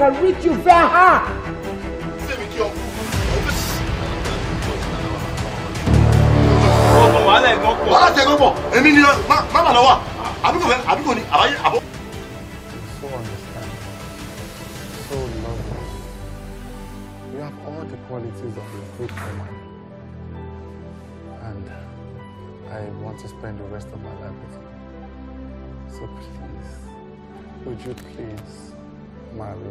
can reach you very her. so understanding, so loving you have all the qualities of a good woman and I want to spend the rest of my life with you so please would you please. máa lọ.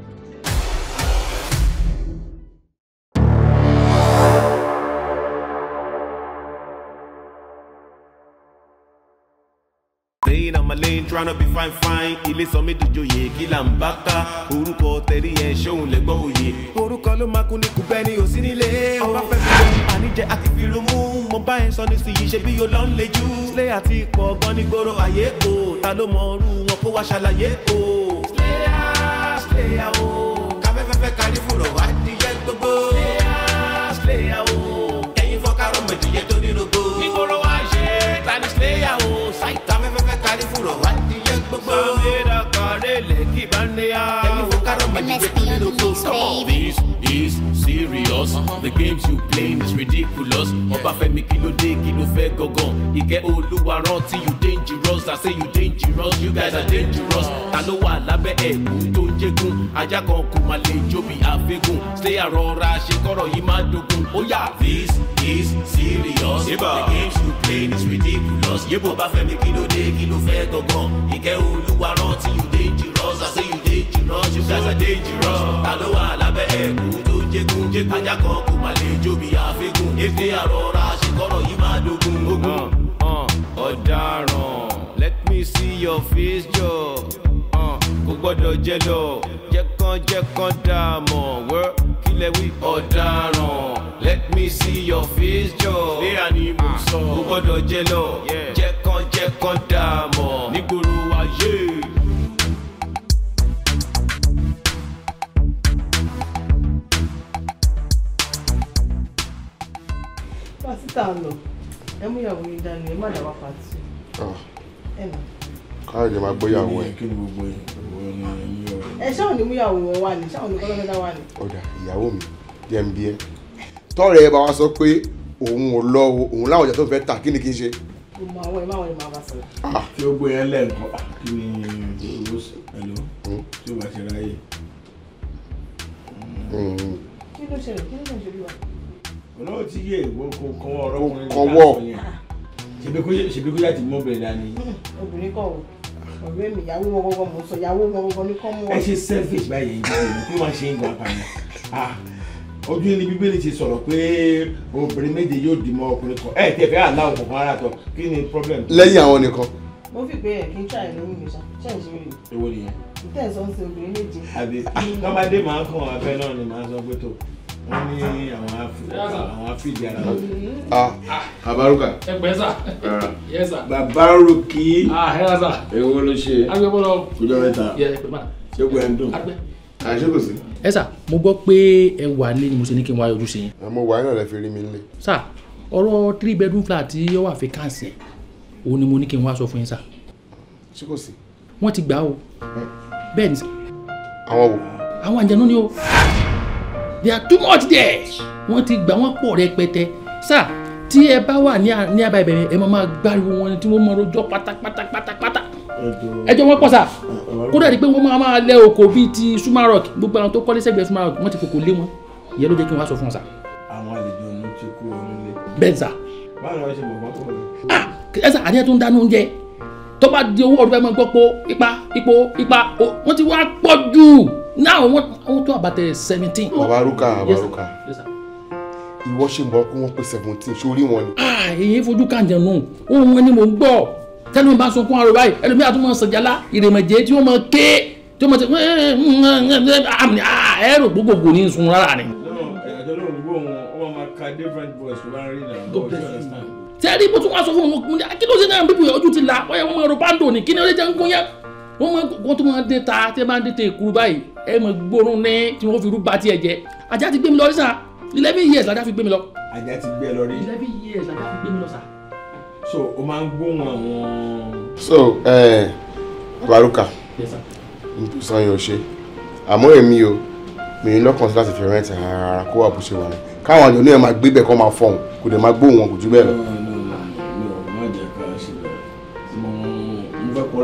lẹ́yìn lane, malẹ́yìn tryna be fine fine ilé sọ mí dìjòyè kí là ń bá ká orúkọ tẹ̀rí yẹn ṣóun lẹ́gbọ́n òye. orúkọ ló máa kún ní kú bẹ́ẹ̀ ni ò sí nílé o. ọba fẹ́ fi lóun àníjẹ àti fi lómú mo bá ẹ sọ ní sí yìí ṣe bí yóò lọ́n lẹ́jú. sílẹ̀ àti ikọ̀ ọgbọ́n ní gbòòrò káfẹ́fẹ́fẹ́ kárí fúrọ̀ wá díyẹ gbogbo. Oh. kẹ́yìn fọ́kàrọ̀ mọ̀díyẹ tó ní rògbò. nígboro wá ṣe tani sílẹ̀yà o. káfẹ́fẹ́fẹ́ kárí fúrọ̀ wá díyẹ gbogbo. sàmì dàkọ̀ rẹ̀ lẹ́kì bá ń Let's be on the keys, baby. This is serious. Uh -huh. The games you play is ridiculous. Obafemi kí ló dé kí ló fẹ́ gangan. Ìkẹ́ Olúwa you dangerous. I say you dangerous. You guys are dangerous. Uh-huh. Ta ló wà lábẹ́ ẹ̀kú tó ń jẹ́gun? Ajá kan kò máa lè jó bí àfẹ́gùn. Ṣé This is serious. Yébà. The games you play is ridiculous. Yébà Ọbáfẹ́mi kí ló dé kí ló fẹ́ gangan. Ìkẹ́ Olúwa you dangerous. I say lọ́ọ̀ṣù sẹ́sẹ̀ dé ìjìrọ̀ ta ló wà lábẹ́ ẹ̀kú tó jẹgunjẹgun ajá kan kò má lè jóbi àfikún efe àrọ̀ra ṣèkọ́rọ̀ yìí máa dogun ogun. Uh, uh, ọ̀daràn let me see your face jọ uh, kò gbọ́dọ̀ jẹ lọ jẹ́kànjẹ́kàn dààmú wẹ́ẹ́ ilẹ̀ wí. ọ̀daràn let me see your face jọ. léyà ni mo ah, sọ. o gbọ́dọ̀ jẹ lọ. jẹ́kànjẹ́kàn dààmú. nígboro ayé. tá a lọ ẹ mú ìyàwó yín dání ẹ má dá wá pàtì. Ah. káàdì máa gbóyàwó ẹ. kí ni gbogbo ẹ ṣáà ní mú ìyàwó wọn wà ní ṣáà ní kọ́lọ́mẹ́dá wà ní. ọ̀dà ìyàwó mi jẹ́ ń bí ẹ tọ́rẹ̀ ẹ bá wa sọ pé òun ò lọ òun láwọn ọjà tó fẹ́ tà kí ni kí n ṣe tí ah. ó gbé yẹn lẹ́ẹ̀kan ah, kí ni owó ẹ̀lọ́ hmm? tí ó bá ṣe ráyè. Hmm. kí ló ṣẹlẹ̀ kí ló náà ti yé ìwọ kò kọ́ ọ̀rọ̀ wọn ní káàkiri yẹn ṣèbí kó láti mú obìnrin dání. obìnrin kọ ọ̀rẹ́ mi ìyàwó wọn gbọgbọ mọ sọ ìyàwó wọn gbọgbọ ní kọ́ mú wọn. ẹ ṣe selfish báyìí ìdí èmi kí wọ́n ṣe ń gan apààyàn ah, ojú ni bíbélì ti sọ̀rọ̀ pé obìnrin méje yóò dì mọ́ ọkùnrin kan ẹ tẹ̀fẹ́ àláwọ̀ kọ̀ọ̀kan ara tọ̀ kí ni problem. lẹ́yìn àwọn nìkan. mo fi pé ẹ kí n mi ṣá ṣe ń ṣe nìyẹn. ìtẹ̀sán ṣe obìnrin méje. àbí tọ́mọdé máa ń kàn abẹ́ náà ni màá sọ pé tó wọ́n ní àwọn afíìdí ara wọn. àbárúkà. ẹgbẹ́ sà. yẹ sà. bàbárùkì. ẹ sà. èwo ah, ló ṣe. agbẹ́bọ́lọ. kújọ mẹ́ta. ṣé kò ẹ̀ ń dùn. àṣé kò sí. ẹ sà mo gbọ́ pé ẹ wà nílé ni mo ṣe ní kí n wá yọjú sí yín. mo wà nínú rẹ fi rí mi nílé. sà ọ̀rọ̀ three bedroom flat tí ó wà fẹ́kànsì òun ni mo ní kí n wá sọ fún yín sà. ṣé kò sí. wọ́n ti gbà o. Hm. bẹ́ẹ̀ àwọn wo. àwọn àjẹnú ni o they are too much there wọ́n ti gbà wọ́n pọ̀ rẹpẹtẹ sá tí ẹ bá wà ní abà ìbẹ̀rẹ̀ ẹ máa gbáriwo wọn tí wọ́n máa rojọ́ pátápátápátá ẹjọ́ wọn pọ̀ sá kódà rí i pé wọ́n máa máa lẹ oko bíi ti sumarok gbogbo àwọn tó kọ́lé sẹ́gbẹ̀ẹ́ sumarok wọ́n ti kòkò lé wọn ìyẹn ló jẹ́ kí wọ́n á sọ fún wọn sá. àwọn àlejò ọ̀nà ti kú ọ̀nà ilé. sá. báwo ni wọ́n ṣe mọ̀ wọ́n tó wọlé. ah ẹ sá àníyàn tó ń dáná oúnjẹ tó bá di owó ọdún fẹ́ mọ́ gbọ́ po ipa ipò ipa wọ́n ti wá pọ̀ jù now i want i want to about seventeen. bàbá arúkà bàbá arúkà ìwọ ṣe mọ̀ pé wọ́n pé seventeen sórí wọn ni. Ah, èyí fojú kàǹjẹ̀ nù ohun ẹni mò ń gbọ́ tẹ́lẹ̀ mi bá sọ fún arọ báyìí ẹlòmíì àtúmọ̀ sọ̀jálá ìrèmẹ̀jẹ̀ tí wọ́n mọ̀ ké tí wọ́n mọ̀ ṣe ẹ̀rọ gbogbogbò ní sun rárá ni. tẹ́lẹ̀ bó tún wá sọ fún mi kí ló ṣe náà bíbu ojú ti la wáyà wọn mọ̀ rọ̀ pàǹdò ni kí ni ó lè jẹ́ ń gún yẹn wọ́n máa wọ́n tún máa dín ta tẹ́ máa dín ta èkuru báyìí ẹ mọ̀ gbórùn ní tí wọ́n fi rú ba tiẹ̀ jẹ́ ajá ti gbé mi lọ rí sà eleven years lajá fi gbé mi lọ. ajá ti gbé lọ rí. eleven years lajá fi gbé mi lọ sà. so o máa ń gbóhùn àwọn. so baruka n tó san yóò ṣe àmọ́ èmi o mi ní lọ́kàn sí láti fi rẹ́ǹtì rárá kó wà bó ṣe wà ní káwọn àjọ náà máa gbé bẹ́ẹ̀ kó máa fọ̀hún kò dé máa gbóhùn wọn kò jù bẹ́ẹ̀ lọ.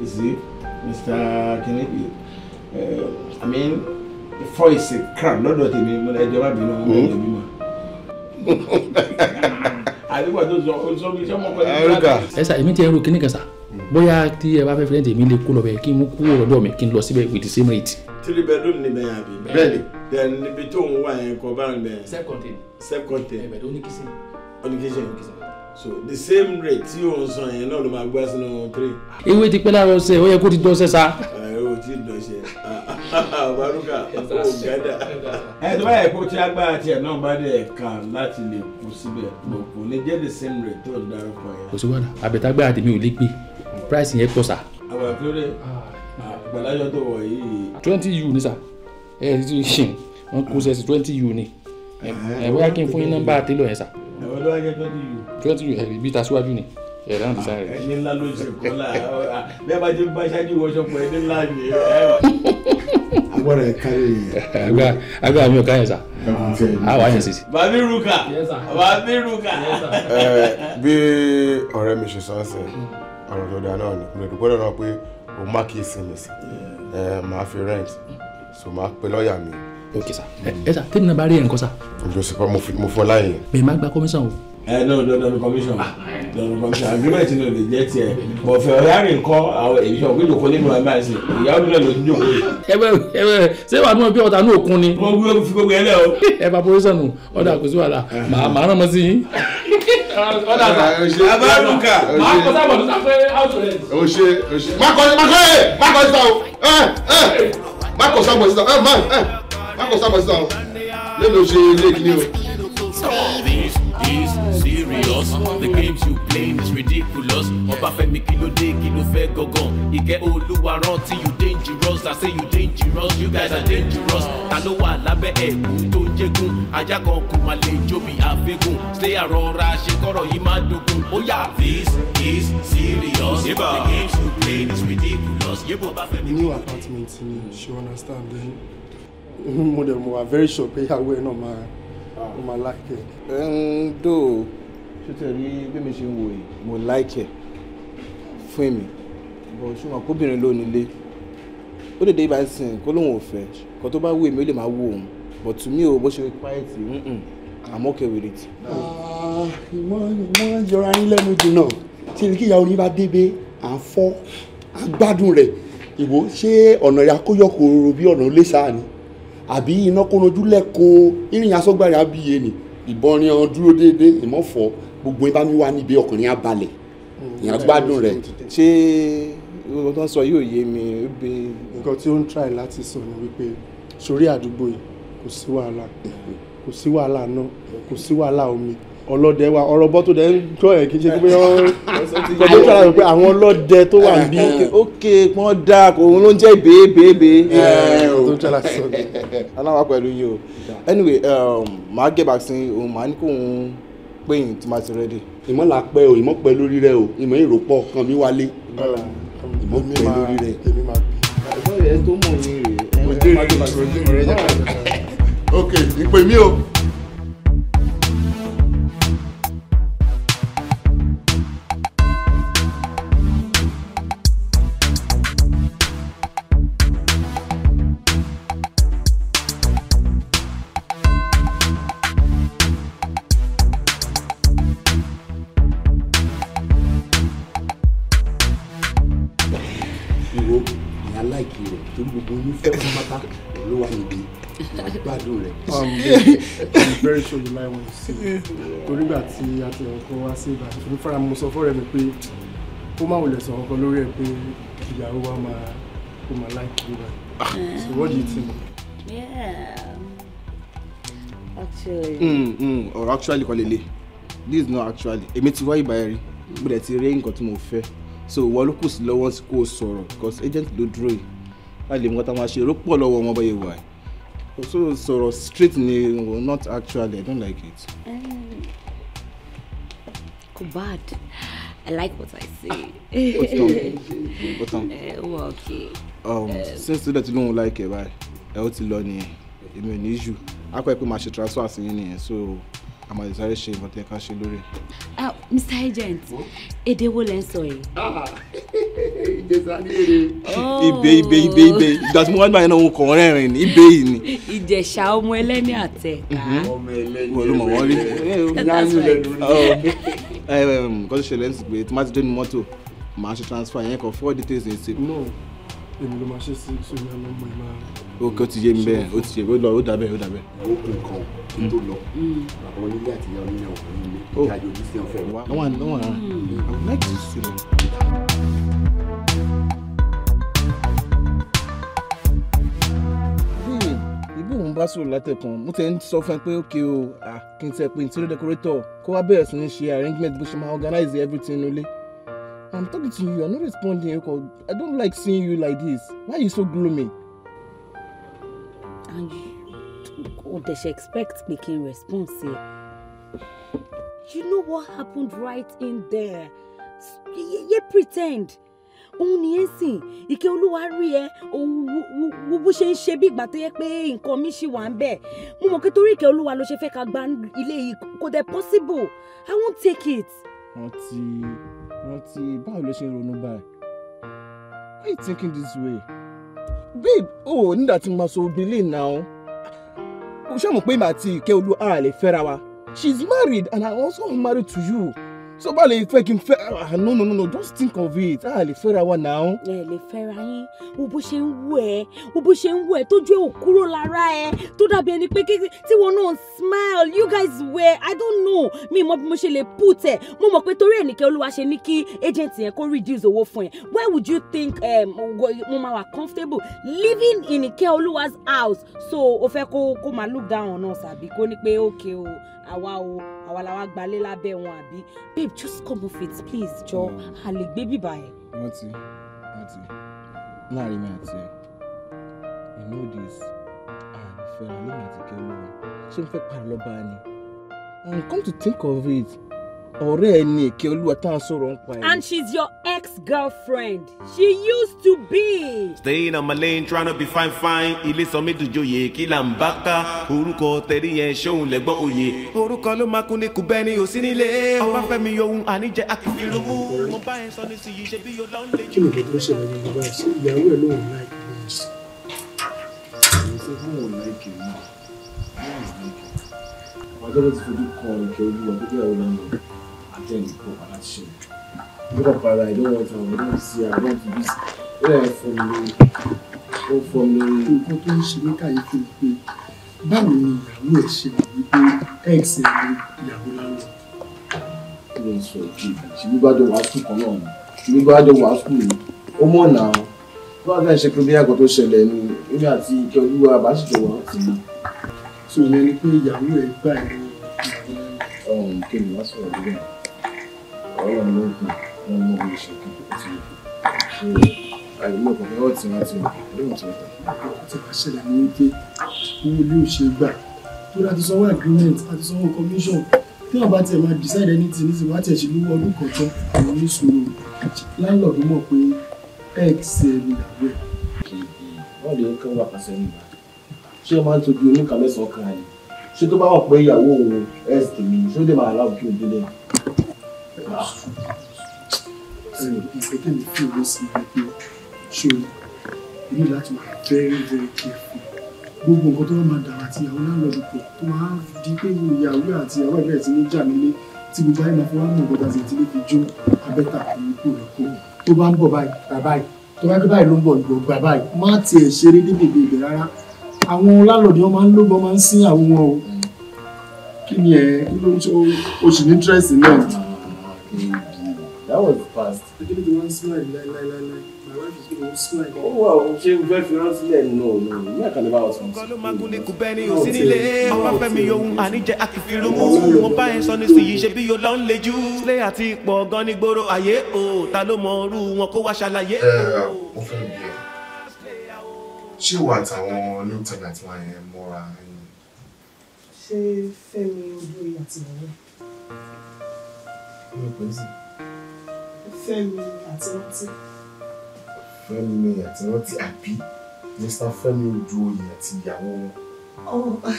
you see Mr. Kennedy uh, I mean the voice kan lọ́dọ̀ tèmi mo lẹ jọba but I lẹ bímọ. àdúgbò tó sọ o sọ mi sọ mọ pẹ̀lú ìgbà. ẹ sà èmi ti ẹrù kíní kan sà hmm. bóyá tí ẹ bá fẹ́ fẹ́rẹ́ tèmi lè kó lọ bẹ̀ kí n mú kúrò lọ́dọ̀ mi kí n lọ síbẹ̀ with the same rate. three bedroom ni bẹ́ẹ̀ àbí. bẹ́ẹ̀ni then níbi tó ń wà yẹn kọ bá ń bẹ̀. self contained. self contained. ẹ bẹ̀ tó ní kìsìn. ó ní kìsìn so the same rate tí o ń san yẹn náà ló máa gbá sínú three. ewé ti pẹ́ lára ọsẹ ó yẹ kó ti dán ọsẹ sa. ẹ o ti dán ọsẹ baruka o gada. ẹ tó bá yẹ kó tí agbára tiẹ̀ náà bá dẹ̀ kàn láti lè kú síbẹ̀ kò lè jẹ́ the same rate tó ń darúkọ yẹn. kò sí wàhálà àbẹ̀tàgbára tèmi ò lè gbé price yẹn pọ̀ sá. àgbà kílódé àgbàlájọ tó wọ̀ yìí. twenty u ni sa ẹ ẹ ti ṣìn wọn kó sẹ́sì twenty u ni ẹ bóyá kí n fún yín nọ́mbà télò yẹn sa ẹ̀rọ ló wá jẹ́ twenty euro. twenty euro ẹ̀rí bí tasíwájú ni ẹ̀rọ náà ti sáré. ẹni ńlá ló ṣe kọ́ la a bá ti bá ṣáájú wọṣọpọ̀ ẹni ńlá ni ẹ wà. agbára ẹ kárí yẹn. agbára mi ò ká yẹn sá a wà yẹn sisi. bàbí ruka bàbí ruka. bí ọ̀rẹ́ mi ṣe sọ ọ́ sẹ́yìn ọ̀rọ̀ tó dáa náà ni mo lè dúpẹ́ lọ́nà pé o má kí ìsinmi sí máa fi rent so máa pe lọ́ọ̀yà mi ok sa ẹ sa tèmi náà bá rí ẹ̀ nǹkan sa. ǹjọ́ sọ pé mo fún ọ láàyè. bẹ́ẹ̀ má gba commission o. ẹ no no no commission ah. no commission agreement no dey jẹ tiẹ bọ fẹ ọyá rìn kọ àwọn èyí sọ pé jòkó nínú ẹ máa ṣe ìyá mi náà ló ti jòkó yìí. ẹ bẹ ẹ bẹ ṣé wàá mú bí ọ̀tá ní òkun ni. mo gbé fi gbogbo ẹ lẹ o. ẹ bá polisi nù ọ̀dà kò sí wàhálà màá màá rán mọ sí yín. ọ̀dà abáyọ̀ká màá kọ sábà tó sáfẹ́ outlet. o ṣe o ṣe. má kọ má kọ ẹ má kọ sísá o má kọ sábà sísá ẹ má ẹ má sábà sísan o lẹ́nu ló ṣe ilé ìkíní o. This is serious. The games you play is ridiculous. Ọbáfẹ́mi kí ló dé kí ló fẹ́ gangan. Ìkẹ́ Olúwa rántí you dangerous. I say you dangerous. You guys are dangerous. Ta ló wà lábẹ́ ẹ̀kú tó ń jẹ́gun? Ajá kan kò máa lè jó bí àfẹ́gùn. Stay àrọ́ra ṣe kọ́rọ̀ yìí máa dogun. Ó yà. This is serious. The games you play is ridiculous. Yébò Ọbáfẹ́mi. New apartment ni she understand. then. mo mo wà very sure pé ìyàwó ẹ̀ náà máa ó like um, ẹ̀. ẹ ń dò ṣó tẹ̀ rí bí mi ṣe ń wò yìí mo like ẹ̀ fún èmi bọ̀ ṣùgbọ́n kóbìnrin ló nílé ó lè dé ibà sìn kó lóun ò fẹ́ kó tó bá wù èmi ó lè máa wù òun but to me o bó ṣe quiet I'm okay with it. Ah, ìmọ̀ ìmọ̀ yọra yín lẹ́nu jìnnà tí ní kí ìyàwó yín bá débé à ń fọ́ à ń gbádùn rẹ̀ ìwò ṣé ọ̀nà ìyá kó yọ kòrò bí ọ̀nà ó lé sáà ni àbí iná kónojú lẹ́kọ̀ọ́ ìrìn asọ́gbàrẹ́ abiyẹ ni ìbọn ni ọ̀hún dúró déédéé ìmọ̀fọ́ gbogbo ẹ bá mi wá níbi ọkùnrin abalẹ̀ ìyẹn hmm. gbádùn rẹ̀. ṣé nǹkan tó ń sọ yóò yé mi. nǹkan tí ó ń try láti sọ ni wípé sórí àdúgbò yìí kò sí wàhálà hmm. kò sí wàhálà náà kò sí wàhálà omi ọlọ́dẹ wa ọ̀rọ̀ bọ́ tó dẹ̀ ń gbọ́ ẹ̀ kí n ṣe pé ọ̀rọ̀ tó ṣàlàyé pé àwọn ọlọ́dẹ tó wà níbí ókè pọ́n dà òun ló ń jẹ́ bèébèébè. aláwa pẹ̀lú yìí o anyway màá gẹ̀ bá sí òun màá ní kó òun pé yìí tí màá ti rẹ́dì. ìmọ̀ là pẹ́ o ìmọ̀ pẹ́ lórí rẹ o ìmọ̀ èrò pọ̀ kàn mí wálé ìmọ̀ pẹ́ lórí rẹ. ok ìpè mí o. very sure you like what you see torí gbà tí a ti ọkọ wá sí ìgbà tuntun fara mo sọ fọ́ọ̀rẹ́ mi pé ó máa wulẹ̀ sọ ọkọ lórí ẹ̀ pé ìyàwó wa máa ó máa like you so what do you think. Yeah. actually. Mm, mm, or actually kọ́ lele this is not actually èmi ti wá ìbáyẹ̀ rí mo dẹ̀ ti rí nǹkan tí mo fẹ́ so wọ́n ló kù sí lọ́wọ́ kó o sọ̀rọ̀ because agent ló dúró yìí láì lè mú kọ́ta máa ṣe eré pọ̀ lọ́wọ́ wọn bá yẹ wà yìí so so straight ni not actually i don't like it. Um, kò um, bad i like what i see. say. ó tán ó wà okay. Um, um, since student lóun like ẹ e báyìí ẹ ó ti lọ nìyẹn I ò ní jù á pẹ́ pé màá ṣe transfer sí yín nìyẹn a máa shame ṣe nǹkan tí ẹ ká ah, Mr Agent èdè a lẹ ń sọ yìí. Ah ibè ibè ibè ibè ìgbà tí mo náà mo kàn wọ́n rẹ́rìn ní yìí ni. ìjẹ̀ṣà ọmọ ẹlẹ́ni àtẹ̀ká. Mm-hmm. ọmọ ẹlẹ́ni wọ́n ló mọ̀ wọ́n rí. Oh, um, nǹkan tó ṣẹlẹ̀ ń sì pé tí má ti dé ní mọ́tò màá ṣe transfer yẹn kan four details ní ṣe. no èmi ló máa ṣe sí sórí àwọn ọmọ ìmọ̀ rẹ. ok ó ti yé mi bẹ́ẹ̀ ó ti yé mi ó dà bẹ́ẹ̀ ó dà bẹ́ẹ̀. ó kún kan kí tó lọ bàbá mm. onílé àti ìyá onílé ọkùnrin mi oh. ìdájọ́ ojú sí ọ̀fẹ́ wa. no one no one i would like to see them. ń bá sọ̀rọ̀ látẹ̀kùn mo tẹ̀ ń sọ fún ẹ pé ok o kí n tẹ̀ pé interior decorator kó wá bẹ̀rẹ̀ sí ní ṣe arrangement bó ṣe máa organize everything nílé. I'm talking to you You're not responding Eko I don't like seeing you like this why are you so gloomy. and o dey she expect making response here you know what happened right in there You ye pretend òun nìyẹn sìn ìkẹ́ olúwa rí ẹ bó ṣe ń ṣe bí ìgbà tó yẹ pé nǹkan mi ṣì wà ń bẹ̀ mo mọ̀ pé torí ìkẹ́ olúwa ló ṣe fẹ́ ká gba ilé yìí kò dẹ̀ possible i won't take it. rántí rántí báwo ló ṣe ń ronú báyìí why you thinking this way babe o oh, nígbà tí mo sọ obìnrin náà o ṣe pé màá ti ìkẹ́ olúwa àlè fẹ́ra wa she is married and i also married to you sọ́ba lè fẹ́ kí n fẹ́ ah, no no no no just think of it ah lè fẹ́ra wa now. ẹ lè fẹ́ra yín wo bó ṣe ń wù ẹ́ wo bó ṣe ń wù ẹ́ tójú ẹ̀ ò kúrò lára ẹ̀ tó dàbí ẹni pé kékeré tí wọn náà smile you guys were i don't know mi mọ bí mo ṣe lè put ẹ mo mọ pé torí ẹnìkẹ́ olúwa ṣe ní kí agent yẹn kó reduce owó fún ẹ why would you think eh, mo máa wà comfortable living in ìkẹ́ olúwa's house so o fẹ́ kó kó máa look down on us àbí kó ní pé okay o àwa o àwa làwa gbalé lábẹ́ wọn àbí babe just come off it please jọ a lè gbé bíbá ẹ̀. wọ́n ti láàrin mi àti ẹ̀ you know this àìfẹ́ràn lónìí àti kẹ́ lóhùn ṣé n fẹ́ parí lọ́ba ni and come to think of it ọ̀rẹ́ ẹ ni èké olúwa tá à sọ̀rọ̀ ń pa ẹ̀. and she's your ex-girlfriend she used to be. staying on my lane trying to be fine fine ilé sanmi dùjòyè kí là ń bá ká orúkọ tẹ̀rí yẹn ṣóun lẹ́gbọ́n òye. orúkọ ló máa kún ní kùbẹ́ ni ò sí nílé o. ohun àníjẹ akíkí lówó mo bá ẹ sọ ní sí iṣẹ́ bí yóò lọ́n lè jù. kí ni kò tó ṣe lórí ìyàwó ẹ lóun láì kì í ṣe. àwọn akẹ́kọ̀ọ́ join the club that shit. Look up at I don't want to, I don't see, I don't do this. Where I from me? Oh, from me. Nǹkan tó ń ṣe mí kàyéfì ni pé báwo ni ìyàwó ẹ̀ ṣe mọ̀ wípé ex ẹ̀ ni ìyàwó lálọ́. Kí ló ń sọ èyí? Ṣèbí bá jọ wàásù kan náà ni. Ṣèbí bá jọ wàásù ni. Ó mọ̀ náà. Bá a fẹ́ ṣe pé bí àgọ́ tó ṣẹlẹ̀ ni èmi àti ìkẹ́ olúwa bá ṣèjọ wà á ti mọ̀. Sọ ìyẹn ni pé ìyàwó ẹ̀ gbà ẹ̀ ní ọ̀rọ̀ ló ń kùn wọn mú bí ṣe kí ó ti ṣe àìmọ̀ kọ̀ọ̀kan ó ti rántí lóhùn tó tẹ̀. àkókò tí wàá ṣẹlẹ̀ ní wípé owó ló ṣe gbà tó láti sanwó agreement àti sanwó commission tí wọn bá tiẹ̀ máa decide anything ní tiwọn àti ẹ̀ṣin lówó ọdún kan tán àwọn oníṣòro landlord mọ̀ pé x ẹni ìyàwó ẹ̀. kìkì wọn lè kọ́ wà pàṣẹ nígbà ṣé o máa ń tóbi oníkà mẹ́sàn-án kan ni ṣé tó bá wà pé ìyàwó òun x tèmi ṣé ó lè máa láwùjọ ìdílé nǹkan tẹ́ mi fi owó sí ibi pé ṣé o ní láti wà very very careful gbogbo nǹkan tó wà máa dàrú àti ìyàwó láńlọ́ọ̀dù pọ̀ tó máa di pé ìyàwó àti ìyàwó ẹ̀fẹ́ ti ní jà nílé tí gbogbo ayé máa fi wá mú nǹkan tàbí ìdílé fi jó abẹ́tà fún ikú rẹ̀ kó tó bá ń bọ̀ báyìí bàbá yìí tó bá gbé báyìí ló ń bọ̀ lọ gbà báyìí má tiẹ̀ ṣeré ní bèbè ibẹ̀ rárá àwọn láńlọ́ọ̀dù wọn máa ń lóbọn máa ń sín àwọn wọn o kí ni ẹ kí ló ń ṣe o sì ní dírẹ́sì náà that was fast. akéde tí wọ́n smile láíláíláí is gonna smile. ó wà ó ṣe eh, ah, ṣé ìwà àtàwọn new tenant wọn mọ́ra ẹ̀yìn. ṣé fẹ́mi olóyè àtìlẹ́yìn Fẹ́mi Àtìrántí. Fẹ́mi Àtìrántí àbí Mr. Fẹ́mi Odùoyè àti ìyàwó wọn. Oh,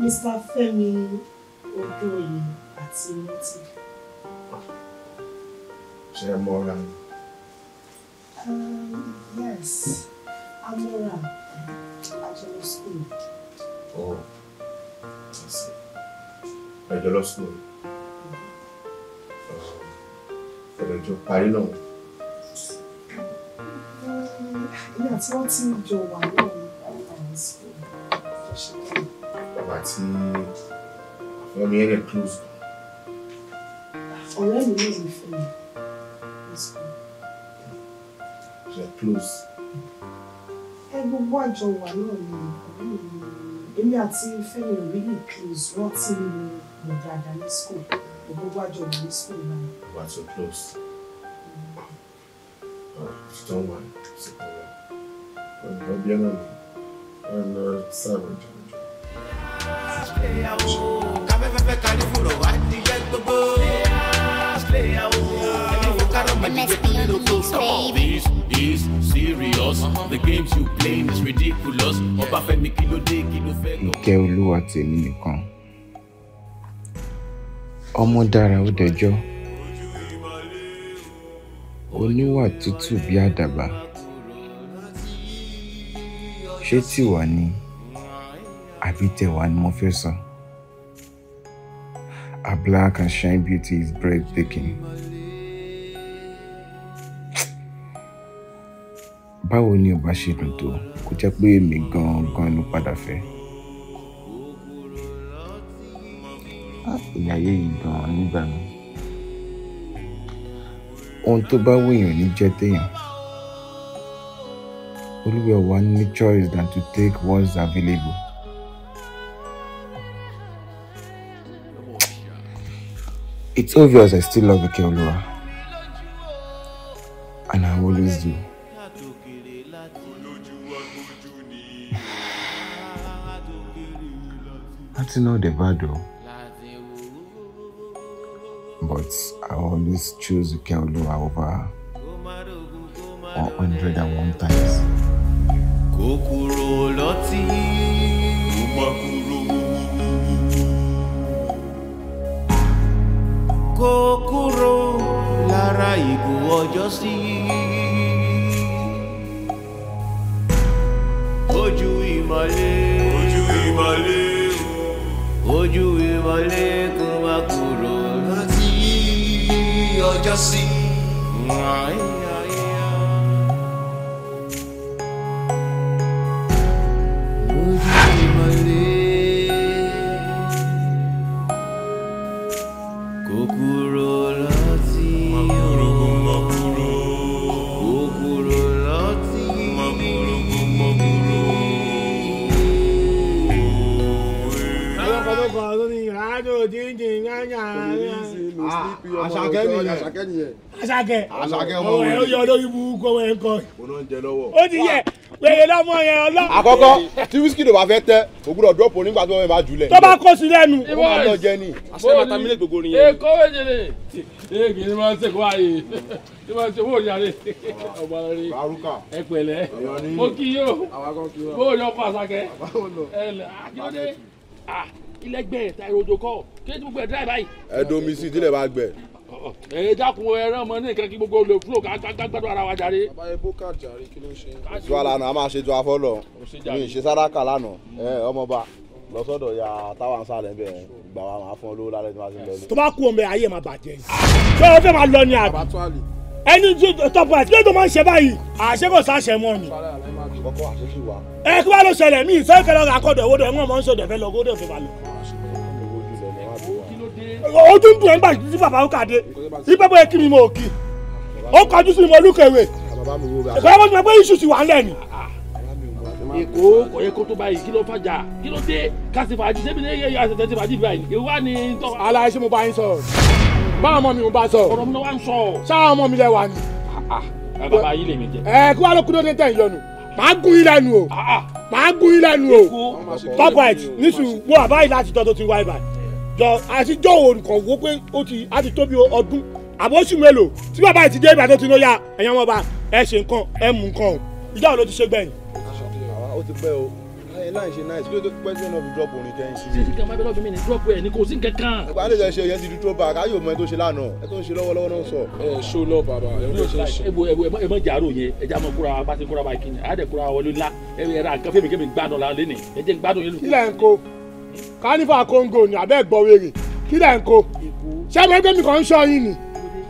Mr. Fẹ́mi Odùoyè Àtìrántí. Ṣé ẹ mọ́ra ni? Um, yes, Amora, Ajolo School. Oh, I see. Ajolo School. jọ parí náà. ìyá tí wọ́n ti ń jọ wà náà ní àwọn school tó ṣe kí. bàbá tí wọ́n ẹ̀rẹ̀ close. ọ̀rẹ́ mi ló ń fún mi ṣe close. ẹ gbogbo àjọ wà náà ní ọ̀rẹ́ mi èmi àti Fẹ́mi really close wọ́n ti ń lo gbọ̀ngàn àdáni school gbogbo àjọ wà ní school náà. wà so close don't mind sìnkú lọ ọ̀nà bí ẹnu mi serious. The games you playing is ridiculous. Ọbáfẹ́mi kí ló dé kí ló Olúwa tèmi nìkan. Ọmọ dára ó dẹjọ́ oníwà tútù bí àdàbà ṣé tìwà ni àbí tẹ̀wà ni mo fẹ́ sọ. Her black and shine beauty is breathtaking. báwo ni ọba ṣe dùn tó kó jẹ́ pé èmi gan-an ló padà fẹ́. Ah, ìyáyé yìí gan-an nígbà mi ohun tó bá wèèyàn ní jẹ́ téèyàn. Olúwa wa ní choice than to take what's available. It's obvious I still love Ikeoluwa. And I always do. That's not the bad though but I always choose Ikeoluwa over 101 times. Kòkòrò lọ́tí. Mo lára ìgò ọjọ́ sí. Ojú ìmọ̀lẹ̀. Ojú ìmọ̀lẹ̀. Ojú ìmọ̀lẹ̀ kan máa. assim. alakẹ ọwọ ẹ yọ lórí burúkú ọwọ ẹ ń kọ. ó ti yẹ wèrè lọmọ yẹn ọlọ. àkọ́kọ́ tí wíṣíkì ló bá fẹ́ o gbúdọ̀ dọ́pọ̀ nígbà tó bá bá jùlẹ̀. tó bá kó sí lẹ́nu. ó lọ jẹ ni. àṣẹ bàtà mílẹ̀ gbogbo nìyẹn. ẹ kọ́ wẹ́jẹ̀lẹ̀ ẹ kì í máa ń sèkó ààyè ẹ máa ń sèkó òyàrá ọgbà rẹ ẹ pẹ̀lẹ́ mo kí yóò bó o yọ kó àṣàkẹ́ ẹ lẹ́ àkíọ́dé ah, ah, ilẹ̀ gbẹ̀ẹ́ ta kí ẹ gbogbo ẹ̀ dá ẹ̀ báyìí. ẹ domi sí ìdílé bá gbẹ ẹ dákun ẹran ọmọ ní nǹkan kí gbogbo olè fúlò kágbádùn ara wa jàre. bàbá ẹ ká jàre kí ló ń ṣe. ju alana a máa ṣe ju afọlọ mi ṣe sáraka lánàá ẹ ọmọọba lọsọdọ ya táwọn sálẹ bẹ gbà wà máa fún ọ lówó lálẹ́ tí wọn ti lọ. tó bá kú ọmọ ayé máa bàjẹ́ yìí. ṣé o fẹ́ máa lọ ni àbí ẹni tó tọpọ ẹ kí ló máa ń ṣe báyìí àṣẹ kò sáṣẹ mọ ni. ẹ kí wàá lọ ṣẹlẹ̀ mí sọ́kẹ́ lọ́ọ́ ojú ń dùn ẹ́ nígbà tí bàbá ó kàdé ibẹ̀ bóyá kí ni mo kì ó kọjú sí mi olúkèwé ìgbà wọn ti máa gbé iṣu sí wà lẹ́nu. èkó kò yẹ kó tó báyìí kí ló fàjà kí ló dé kásì fàájì ṣé mi ní yẹ àṣẹṣẹ ti fàájì báyìí èwo wà ní. aláì ṣé mo bá yín sọ̀rọ̀ báwọn ọmọ mi ò bá sọ̀rọ̀ ọ̀rọ̀ mi náà wà ń sọ. sáà ọmọ mi lẹ wà ní. Ah, ah. bàbá yìí lè mi jẹ. ẹ kí wàá ló kú lóde tẹ̀ ìyọnu màá gún yín lẹ́nu o ah, màá gún yín lẹ́nu o top right nísìnyí wo àbáyé láti tọ́ tó ti wáyé báyìí jọ àtijọ́ olùkọ́ wo pé ó ti á ti tó bí ọdún àbọ̀sùn mélòó tí bàbá yìí ti dé Ìbàdàn tí ló yá ẹ̀yàn ọba ẹ ṣe nǹkan ẹ mú nǹkan o ìjà wo ló ti ṣe gbẹ̀yìn. ó ti pẹ́ o ẹ láì ṣe náà ìṣúlẹ̀ tó ti pẹ́ sí ọ̀nà ìdúró ọkùnrin kẹ́yìn sí. ṣíṣe kan máa bẹ́ẹ̀ lọ́gbìn mi ní dúrọ́pù ẹ̀ ní kò sí nǹkan kan. ìgbà àlejò ẹ̀ṣẹ̀ yẹn ti dúró bá a káyọ̀ mọ ẹ tó ṣe lánàá ẹ tó ń ṣe lọ́wọ́lọ́wọ́ náà sọ. ẹ ṣó lọ bàbá ẹ ló ṣe ṣe. ẹbọ ẹbọ ẹ mọ jàrò yẹn ẹ já mọ kúra bá ti kúra bá kí ni àádẹ kúra wọlé ńlá ẹ ra nǹkan fẹmi kẹmi gbádùn la lé ní ẹ jẹ gbádùn yẹn. ilẹ̀ ń kánífà kóńgò ni àbẹ́ gbọ́wéré kí lẹ̀ ń kó ṣé ẹ mọ̀ pé mi kàn ń ṣọ́ yín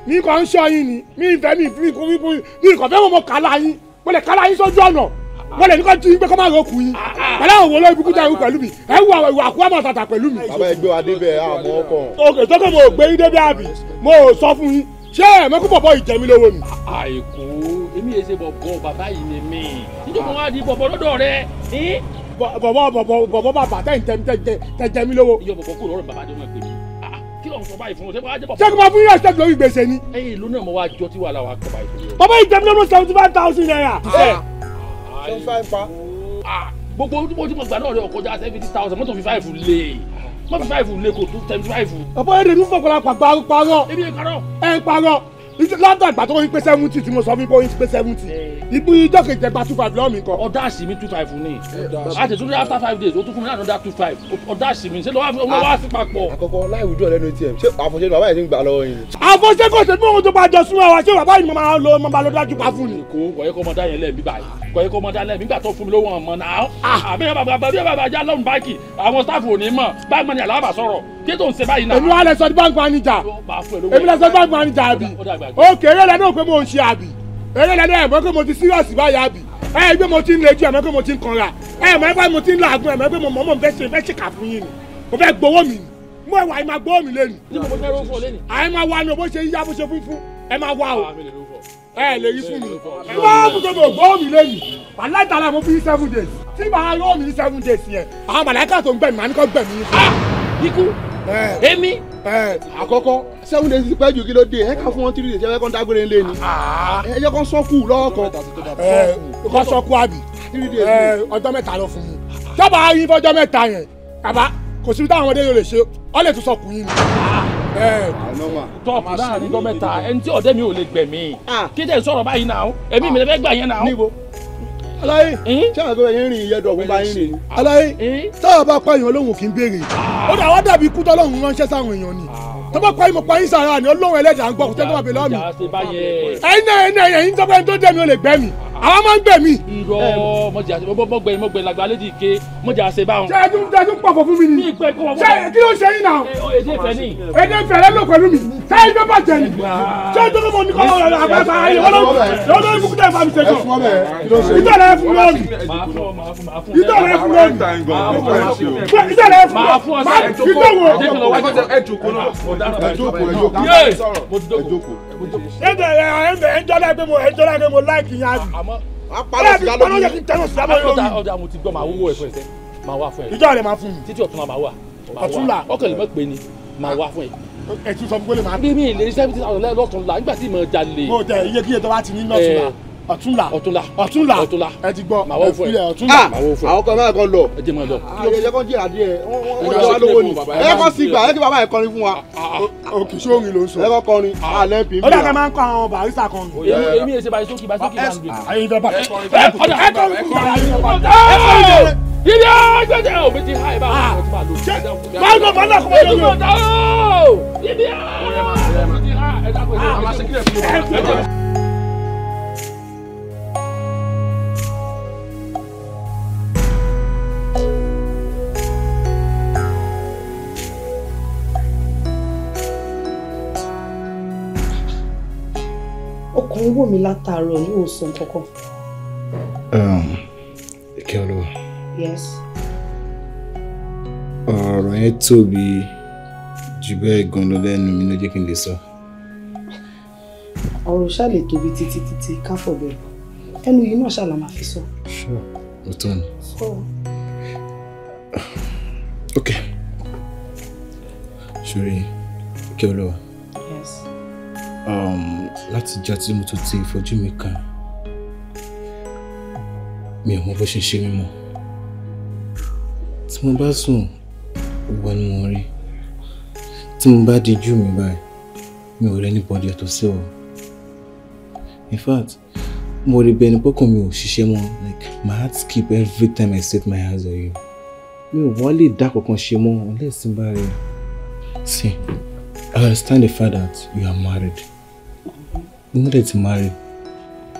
ni mi kàn ń ṣọ́ yín ni mi ìfẹ́ mi ìfún ikú wípé mi ìkàn fẹ́ mọ̀ mọ̀ kálá yín mo lè kálá yín sójú ọ̀nà mo lè ní kó tún yín pé kó má ro kù yín pẹ̀lú àwọn olóyún ibùkún tẹ̀ pẹ̀lú mi ẹ wù àwọn ìwà àkúwà máa tàtà pẹ̀lú mi. bàbá ẹgbẹ́ wa débẹ̀ àmọ́ ọkàn. òkè tó kò mo gbé yín débi àbí mo sọ fún yín ṣé ẹ̀mẹ́kú bọ̀bọ̀ ìjẹ̀mí lówó mi. àìkú èmi yẹn ṣe bọ̀bọ̀ bàbá yìí ni mí nítorí wọn di bọ̀bọ̀ lọ́dọ̀ rẹ bọ̀bọ̀ bọ̀bọ̀ bọ̀bọ̀ bàbà tẹ̀ tẹ̀ lówó. iye bọ̀bọ̀ kò lọ́rùn bàbá jọmọ ìpè mí fún un ṣé lórí gbèsè ni. ẹyin ìlú náà mo wá jọ tí wàhálà wa kọ báyìí bàbá yìí jẹ́mi lọ́rùn seventy five thousand naira. ṣé n fẹ́ pa. Ah, gbogbo ojúmọ̀ ojúmọ̀ gbà náà rẹ̀ ọkọjá seventy thousand mọ́tò fi five lé mọ́tò fi five lé kò tún seventy five. bàbá yẹn lè fọkànlá pàgbà parọ́. ebi ẹ parọ́. ẹ parọ́ látàgbà tó ń pé seventy tí mo sọ fún pé ó ń pé seventy ibú eh. ijó kejì ẹgbà two five lọ́ọ̀mì kan. ọ̀dà àṣì mi two five ní eh, àti tún ní after five days ó tún fún mi láti ọ̀dà two five ọ̀dà àṣì mi ṣé lọ́wọ́ wá sí ah. papọ̀. àkọ́kọ́ láì wùdú ọ̀lẹ́nu atm ṣé àfọ̀ṣẹ́ ni bàbá yẹn ti ń gbà lọ́wọ́ yìí. àfọ̀ṣẹ́ kò ṣe bí òun tó bá jọ sún wa ṣé bàbá yìí máa lo máa lo dájú pa fún ni. kò wọ̀nyẹ́ kọ́ mọ dá yẹn lẹ́ẹ̀mí báyìí kọ̀yẹ́ kọ́ mọ dá lẹ́ẹ̀mí gbà tó fún mi lówó ọmọ náà ah. àbí bàbá bí bàbá ajá lọ́run báńkì àwọn staff ò ní mọ̀ báńkì mọ̀ ni àlàbà sọ̀rọ̀ kí tó ń ṣe báyìí náà. èmi wà lẹ sọ di báńkì manager èmi lẹ sọ di báńkì manager àbí òkè eré lẹ́nu pé mo ń ṣe àbí eré lẹ́nu ẹ̀ mọ́ pé mo ti sírọ̀sì báyà àbí ẹ̀ gbé mo ti ń lejú ẹ̀ mọ́ pé mo ti ń kanra ẹ̀ mọ́ pé mo ti ń làágùn ẹ̀ mọ́ pé mo mọ́ mọ́ fẹ́ ṣe fẹ́ ṣèkà fún yín ni mo fẹ́ gbowó mi ni mo wà ẹ̀ máa gbowó mi lẹ́nu. àyè máa wà ní o bó ṣe yíyá bó ṣe funfun ẹ máa wà o ah, ẹ lè rí fún mi wọ́n mú tó mọ̀ gbọ́ mi lẹ́yìn aláìtàlá mo fi seven days tí màá rọ́ Eh. èmi. Eh. àkọ́kọ́ seven days ti pẹ́ jù kí ló dé ẹ ká fún wọn three days ẹ fẹ́ kọ́ ń dágbére ńlẹ̀ ni ah. eh, ẹ jẹ́ kọ́ sọ́kù lọ́wọ́ kan. kọ́ sọ́kù àbí ọjọ́ mẹ́ta lọ fún mi tọ́ba yín fọjọ́ mẹ́ta yẹn bàbá kò síbi táwọn ọmọdé yóò lè ṣe ọ lè tún sọkù yín ni. tọ́ọ̀pù ah. láàrin ọjọ́ mẹ́ta ẹni tí ọ̀dẹ́ mi ò lè gbẹ̀mí ah. kí tẹ̀ sọ̀rọ̀ báyìí náà ẹ̀mí mi lè fẹ́ gbà yẹn náà aláyé tí àwọn abẹ́rẹ́ yẹn rìn ìyẹ́dọ̀ ọ̀hún bá yín rìn ah. aláyé tá a bá pààyàn olóhùn kì í béèrè ó dà wá dàbí kútọ́ lọ́hùn ránṣẹ́ sáwọn èèyàn ni tó bá parí mo parí sàrà ni ọlọ́run ẹlẹ́dàá ń gbọ́ kó tẹ́tọ́ bàbá lọ́mì. ẹyin náà ẹyin náà tó bẹ́ẹ̀ tó lè gbẹ́ mi máa ń gbẹ̀ irọ́ mọ̀jà ṣe mọ̀gbẹ̀yìn làgbà lédi ike mọ̀jà ṣe báwọn. ṣé ẹjú ẹjú pọ̀fọ̀ fún mi ni. kí ló ṣe yín náà. èdè fẹ́ ni. lò pẹ̀lú mi. ṣé ẹjú bá jẹ ni. ṣé ẹjú bá ní kọ́ àgbàtà ayé máa wá fún ẹ ìjọ rẹ máa fún mi títí ọ̀túnla máa wà ọ̀túnla ọkàn lè mọ̀ pé ni máa wá fún ẹ. ẹ tún sọ fún pé lè bí mi ìlérí seventy thousand lọ́tún la nígbà tí mo jalè. mo tẹ iye kíye tó bá ti ní lọ́tún la. Eh, ọ̀túnla ọ̀túnla ọ̀túnla ọ̀túnla ẹ ti gbọ́ màwọ fún ẹ ọ̀túnla màwọ fún ẹ. àwọn kan máa kàn lọ ẹ jẹ máa lọ. kí ló ń yẹkọ jẹ adìẹ wọn jẹ wá lówó ni ẹ kọ sí gbà ẹ kí bàbá yẹn kọrin fún wa. òkè sóòrì ló ń sọ. ẹ kọ kọrin ah. alẹ bí. ó dàgbà máa ń kọ àwọn barista kan. èmi èsè bàyìsókì bàyìsókì bá ń gbé. ayé ìjọba ẹ kọrin fún wa yìí ẹ gbẹdẹ o bìtì ha ìbá wọn ti máa lò. báwo ló bá dàkú báyìí lóyún. yìí ẹ bìtì ha ẹ dàkú ẹ dàkú ẹ dàkú. ń wò mí látàárọ̀ ní òsàn kankan. Um, ike olúwa. yes. ọ̀rọ̀ yẹn tóbi jù bẹ́ẹ̀ gan lọ lẹ́nu mi ló jẹ́ kí n lè sọ. ọ̀rọ̀ ṣáà lè tóbi títí títí káfọ̀ bẹ́ẹ̀ ẹnu yìí náà ṣáà la máa fi sọ. sure òótọ́ ni. so. ok. sori ike olúwa. Um, láti jẹ́ tí mo tún ti fojú mi kan mi ò mọ bó ṣe ṣe mí mọ́ tí mo bá sùn gbogbo ni mo rí tí mo bá di jù mí báyìí mi ò rí anybody ọ̀tọ̀ sí ọ in fact mo rí bẹ́ẹ̀ ni pọ́kàn mi ò ṣiṣẹ́ mọ́ like my heart skip every time I set my eyes on you mi ò wá lè dá kankan ṣe mọ́ unless n bá rí see I understand the fact that you are married nílẹ̀ ti máa rẹ̀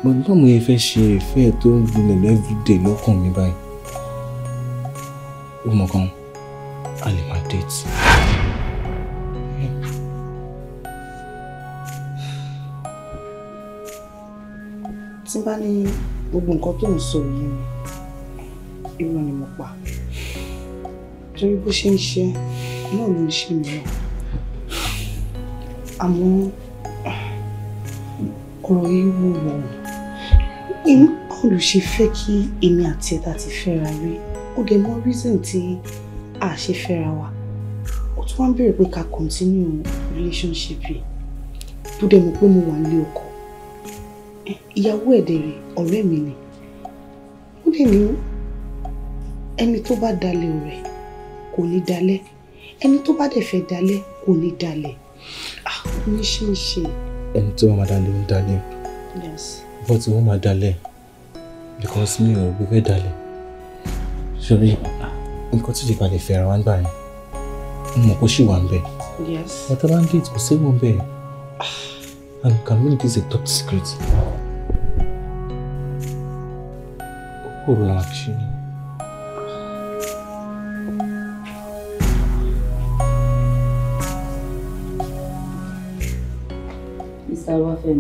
but báwo mo yẹ fẹ́ ṣe ìfẹ́ tó ń lulẹ̀ lẹ́fídẹ̀ lọ́kàn mi báyìí ó mọ̀ kan a lè máa date. tí bá ní gbogbo nǹkan tó ń sọ yìí ni irọ́ ni mo pa torí bó ṣe ń ṣe náà ló ń ṣe mí àmọ́ ọ̀rọ̀ yìí wúwo inú kan ló ṣe fẹ́ kí èmi àti ẹ̀dá ti fẹ́ra rí ó dẹ̀ mọ reason tí a ṣe fẹ́ra wa ó tún wá ń bèèrè pé ká continue relationship yìí tó dẹ̀ mọ̀ pé mo wà nílé ọkọ ìyàwó ẹ̀dẹ̀ rẹ̀ ọ̀rẹ́ mi ni ó dẹ̀ ní ẹni tó bá dalẹ̀ ọ̀rẹ́ kò ní dalẹ̀ ẹni tó bá dẹ̀ fẹ́ dalẹ̀ kò ní dalẹ̀ ah oníṣẹ́ ìṣe yìí ẹni tí wọ́n máa dalẹ̀ ń dalẹ̀ bọ́ tí wọ́n máa dalẹ̀ because mi ò gbé fẹ́ dalẹ̀ sórí nǹkan tó lè balẹ̀ fẹ́ ara wa ń gbà yẹn mo mọ̀ kó ṣì wà ń bẹ̀ ọ̀tá bá ń dé ìtò sẹ́wọ̀n bẹ́ẹ̀ and can make this a top secret. ó kúrò àwọn àṣírí. tá a fẹ́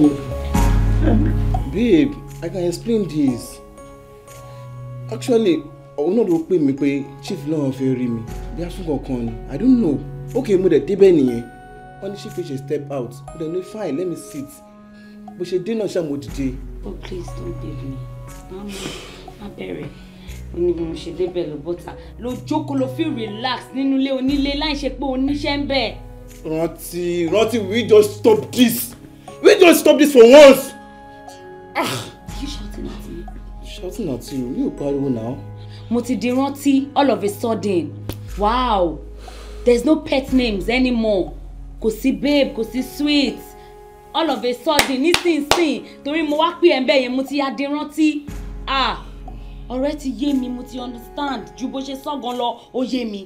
ni. babe i can explain this actually òun náà ló pè mí pé chief Law fẹ́ rí me. They a fún kankan i don't know okay mother, dẹ̀ débẹ̀ near. When ní chief ṣe step out mo dẹ̀ fine let me sit But she did not show me today. oh please don't leave me i'm buried ni mo ṣe débẹ̀ ló bọ́ta ah, ló jókòó ló fi relax nínú ilé onílé láì pé oníṣẹ́ ń bẹ̀. rántí rántí we just stop this we just stop this for once. Ah. you shouting at me. shouting at you mi ò pariwo náà. mo ti di rántí all of a sudden wow there's no pet names anymore kò sí babe kò sí sweet all of a sudden nísinsìnyí torí mo wá pè ẹ́ ń bẹ̀ yẹn mo ti yá di rántí. Ah ọ̀rẹ́ ti yé mi mo ti understand ju bó ṣe sọ́gan lọ ó yé mi.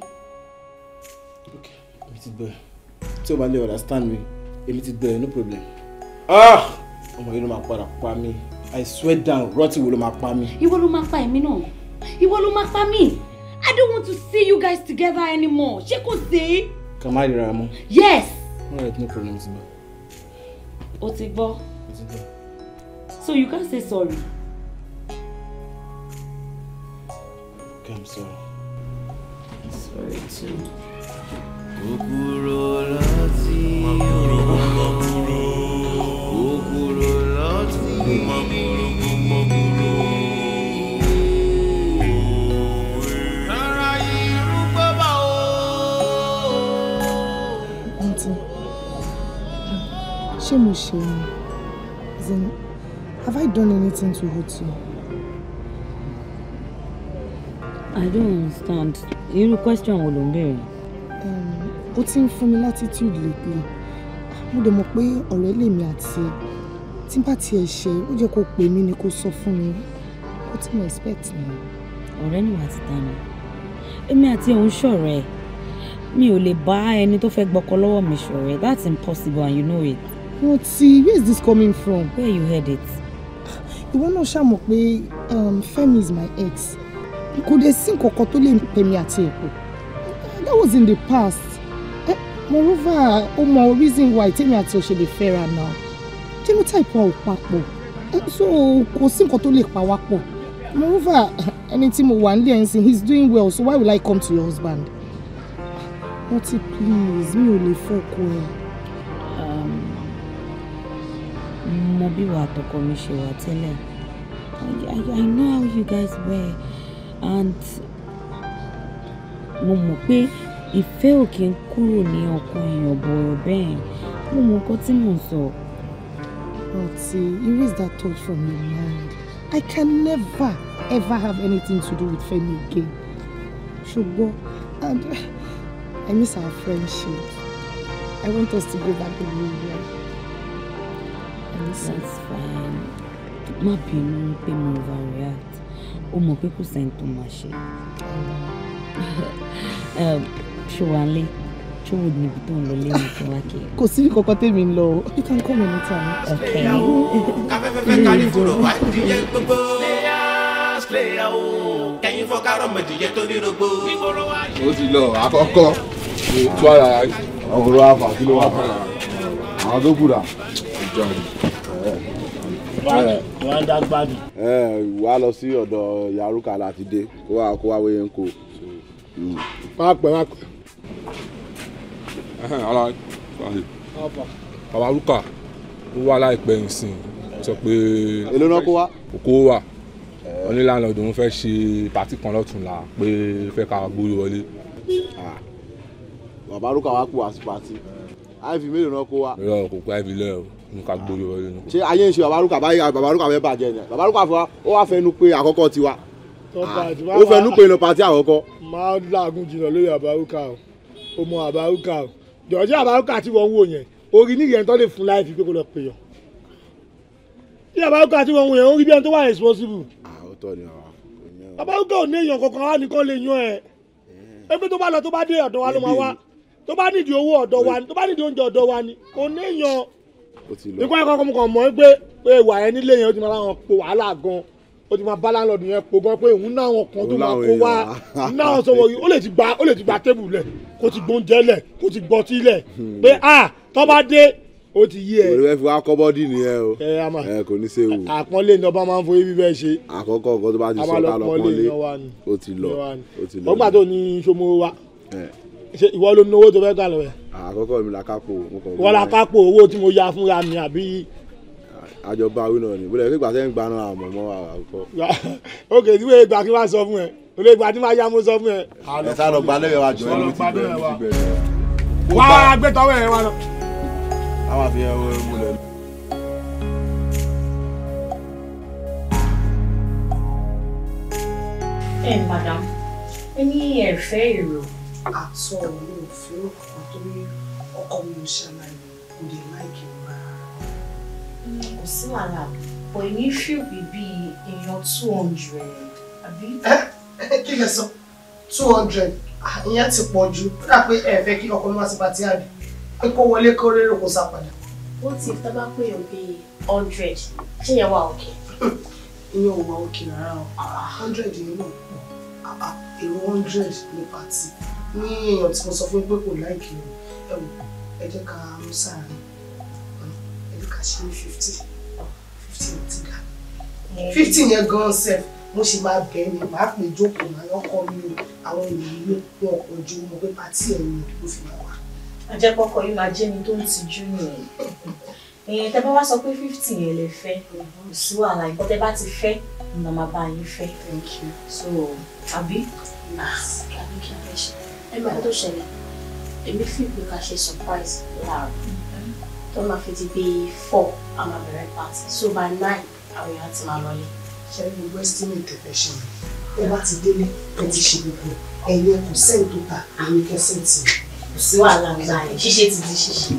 ok èmi ti gbọ́ ẹ tí o bá lè understand mi èmi ti gbọ́ ẹ no problem. ah ọmọ yìí ló máa padà pa mí i swear down rọ́tì wo ló máa pa mí. ìwọ ló máa pa èmi náà ìwọ ló máa pa mí i don't want to see you guys together anymore ṣé kò sí. ká má ríra mọ́. yes. all right no problem ti gbọ́. o ti gbọ́. o ti gbọ́. so you can say sorry. I'm sorry. sorry too. Okuro lati Makuro makuro Okuro lati Makuro makuro o. Aunty, ṣé mo ṣe ni? have I done anything to hurt you? I don't understand. Irú question wo ló ń béèrè? Um, ó ti ń fún mi latitude lately. Mo dẹ̀ mọ̀ pé ọ̀rẹ́ lèmi àti ẹ̀. Tí n bá tiẹ̀ ṣe, ó jẹ́ kó pè mí ni kó sọ fún mi. Ó ti mọ̀ expect mi. Ọ̀rẹ́ ni wà á ti ta ni. Èmi àti ẹ̀ ń ṣọ̀rẹ́ Mi ò lè bá ẹni tó fẹ́ gbọ́kọ lọ́wọ́ mi ṣọ̀rẹ́. That's impossible and you know it. Mo ti, where is this coming from? Where you heard it? Ìwọ náà ṣàmọ̀ pé um, Femi is my ex kò dé sí nǹkan kan tó lè pè àti èpò that was in the past eh, moreover ó mọ reason why tèmi àti ò ṣe lè fẹ́ra náà genotype wa ò papọ̀ eh, so kò sí nǹkan tó lè pa wá pọ̀ moreover ẹni tí mo wà nílé ẹ̀sìn he is doing well so why will I come to your husband ọtí please mi ò lè fọkọ ẹ. Um, mo bí wàá tọkọ mi ṣe wà tẹ́lẹ̀ I know how you guys were and mo mọ̀ pé ìfẹ́ ò kí ń kúrò ní ọkàn èèyàn bọ̀rọ̀ bẹ́ẹ̀ mo mọ nǹkan tí mò ń sọ. But see, erase that touch from your mind. I can never ever have anything to do with Femi again. Ṣùgbọ́n and I miss our friendship. I want us to go back to New York. That's fine. Má bínú pé mo overreact ó mọ̀ pé kò sẹ́ni tó máa ṣe ṣòwálé ṣòwò níbi tó ń lọ lẹ́nu tó wá kí. kò sí kọ́kọ́ tèmi ń lọ o you can come anytime. ok. afẹ́fẹ́fẹ́ kárí fúrò wá díje gbogbo. players player o kẹ́yìn tó ní rogbo. o ti lọ àkọ́kọ́ tó ara ọ̀rọ̀ àfà kí ló wà fún wa àwọn tó kù ìjọ rẹ̀ wọ́n á dá gbádùn. ẹ wàá lọ sí ọ̀dọ̀ yaruka láti dé kó wàá kó wàá wéyẹn kó. Hmm. má pẹ́ má pẹ́. ara bàbá ruka ó wá láìpẹ́ nsìn sọ pé. èló náà kó wá. kó wá onílànàdùn fẹ́ ṣe pàtí kan lọ́tùnla pé fẹ́ ká gbóyè wọlé. Ah. bàbá ruka wá kó wá sí pàtí. àìfi mélòó náà kó wá. ìrọ̀ kò kó àìfi lẹ́yìn o nǹkan gbòòrò rẹ nù. ṣé ayé ń ṣe bàbá arúgbó àbáyé bàbá arúgbó àbẹ́ bàjẹ́ ni bàbá arúgbó àfọwá ó wá fẹnu pé àkọ́kọ́ tiwa ó fẹnu pé iná pàtí àkọ́kọ́. máa làágùn jìnnà lórí àbárúkà o ó mọ àbárúkà o jọ̀ọ́jọ́ àbárúkà tí wọ́n ń wò yẹn orí ní ìyẹn tó lè fún láì fi pé kó lọ pè yàn bí àbárúkà tí wọ́n ń wò yẹn ó rí bí ẹni tó wà responsible. àbárúkà ò ní èèyàn kankan wá nìkan lè yan ẹ eh. ẹgbẹ́ tó bá lọ tó bá dé ọ̀dọ̀ wa ló máa wá tó bá nídìí owó ọ̀dọ̀ wa eh. ni tó bá nídìí oúnjẹ ọ̀dọ̀ wa ni kò ní èèyàn ikú ẹ̀kọ́ kọ́ mo kàn mọ́ pé pé ìwà ẹ nílé yẹn ó ti máa láwọn po wàhálà gan ó ti máa bá láńlọ́ọ̀dù yẹn po gan pé òun náà wọn kan tó máa kó wá náà sọ̀wọ́ yìí ó lè ti gba ó lè ti gba tébù lẹ̀ kó ti gbóúnjẹ lẹ̀ kó ti gbọ́tí lẹ̀ hmm. pé a ah, tó bá dé ó ti yí ẹ. olùfẹ́ fi wá kọ́bọ́dì nìyẹn o ẹ kò ní ṣe wù. àpọ́nlé ni ọba máa ń foyí bíbẹ́ ṣe. àkọ́kọ́ nǹkan tó bá ti sọ ká lọ pọ́nlé ó ti lọ ó ti lọ. ọgbà tó ṣe ìwọ ló ní owó tó fẹ́ gbà lọ rẹ̀. àkọ́kọ́ mi la kápò. wọ́n la kápò owó tí mo ya fúnra mi àbí. àjọ báwí náà ni bóyá ìgbà tẹ́ ń gbaná àmọ́ mọ́ àkọ́. ok ìwé ìgbà kí wàá sọ fún ẹ olè ìgbà tí wàá yá mo sọ fún ẹ. ẹ sá lọ gbalẹ̀ wa jọ ẹni tí bẹ̀rẹ̀. wàá gbẹ́tọ̀wé ẹ wa lọ. àwọn àfihàn wo ẹ mú lẹ́nu. ẹ madam ẹ ní ẹ fẹ́ èrò àtọ mi ò fi orúkọ kan torí ọkọ mi ò ṣàlàyé kò dé láìkí mi rárá. kò sí wàhálà bọ̀ èmi ṣèwé bíi èèyàn two hundred àbí. kí lẹ sọ two hundred ìyẹn ti pọ̀ jù kódà pé ẹ fẹ́ kí ọkọ mi wá sí pàtí àbí pé kó wọlé kó rérò kó sá padà. ó ti tọ́ bá pé èèyàn hundred ṣé yẹn wà òkè. ìyẹn ò wà òkè rárá o hundred yẹn náà pọ̀ èrò hundred ní pàtí ní èèyàn tí mo sọ fún pé kò láìkì o ẹ wò ẹ jẹ́ ká mú sáàárín ẹ jẹ́ ká ṣe ní fifty fifty yẹn ti ga fifty yẹn gan sef mo ṣe máa bẹ̀ ni màá pè jókòó màá yọ ọkọ mi o àwọn ènìyàn ilé wọn kò ju mo pé pàtí ẹ̀ ni ló fi máa wà. a jẹ́ kọ́kọ́ yìí máa jẹ́ mi tó ń tijú nìyẹn èèyàn tẹ́ bá wá sọ pé fifty yẹn lè fẹ́ kò sí wàhálà ìbọn tẹ́ bá ti fẹ́ ni màmá bá yín fẹ́. so àbí àbí ah, kí a fẹ́ ṣe ẹ máa tó ṣẹlẹ̀ èmi fi ìpè ká ṣe surprise láàárọ̀ tó máa fi ti bí four a máa bẹ̀rẹ̀ party so by nine àwọn èèyàn ti máa lọlé. ṣe é gbogbo estimate ẹ ṣe mi ẹ bá ti délé ẹ ti ṣe gbogbo ẹ̀yẹ kò sẹ́ǹtò ta èmi kẹsẹ̀ǹtì kò sí wàhálà ńlá ẹ̀ ṣíṣe ti di ṣíṣe.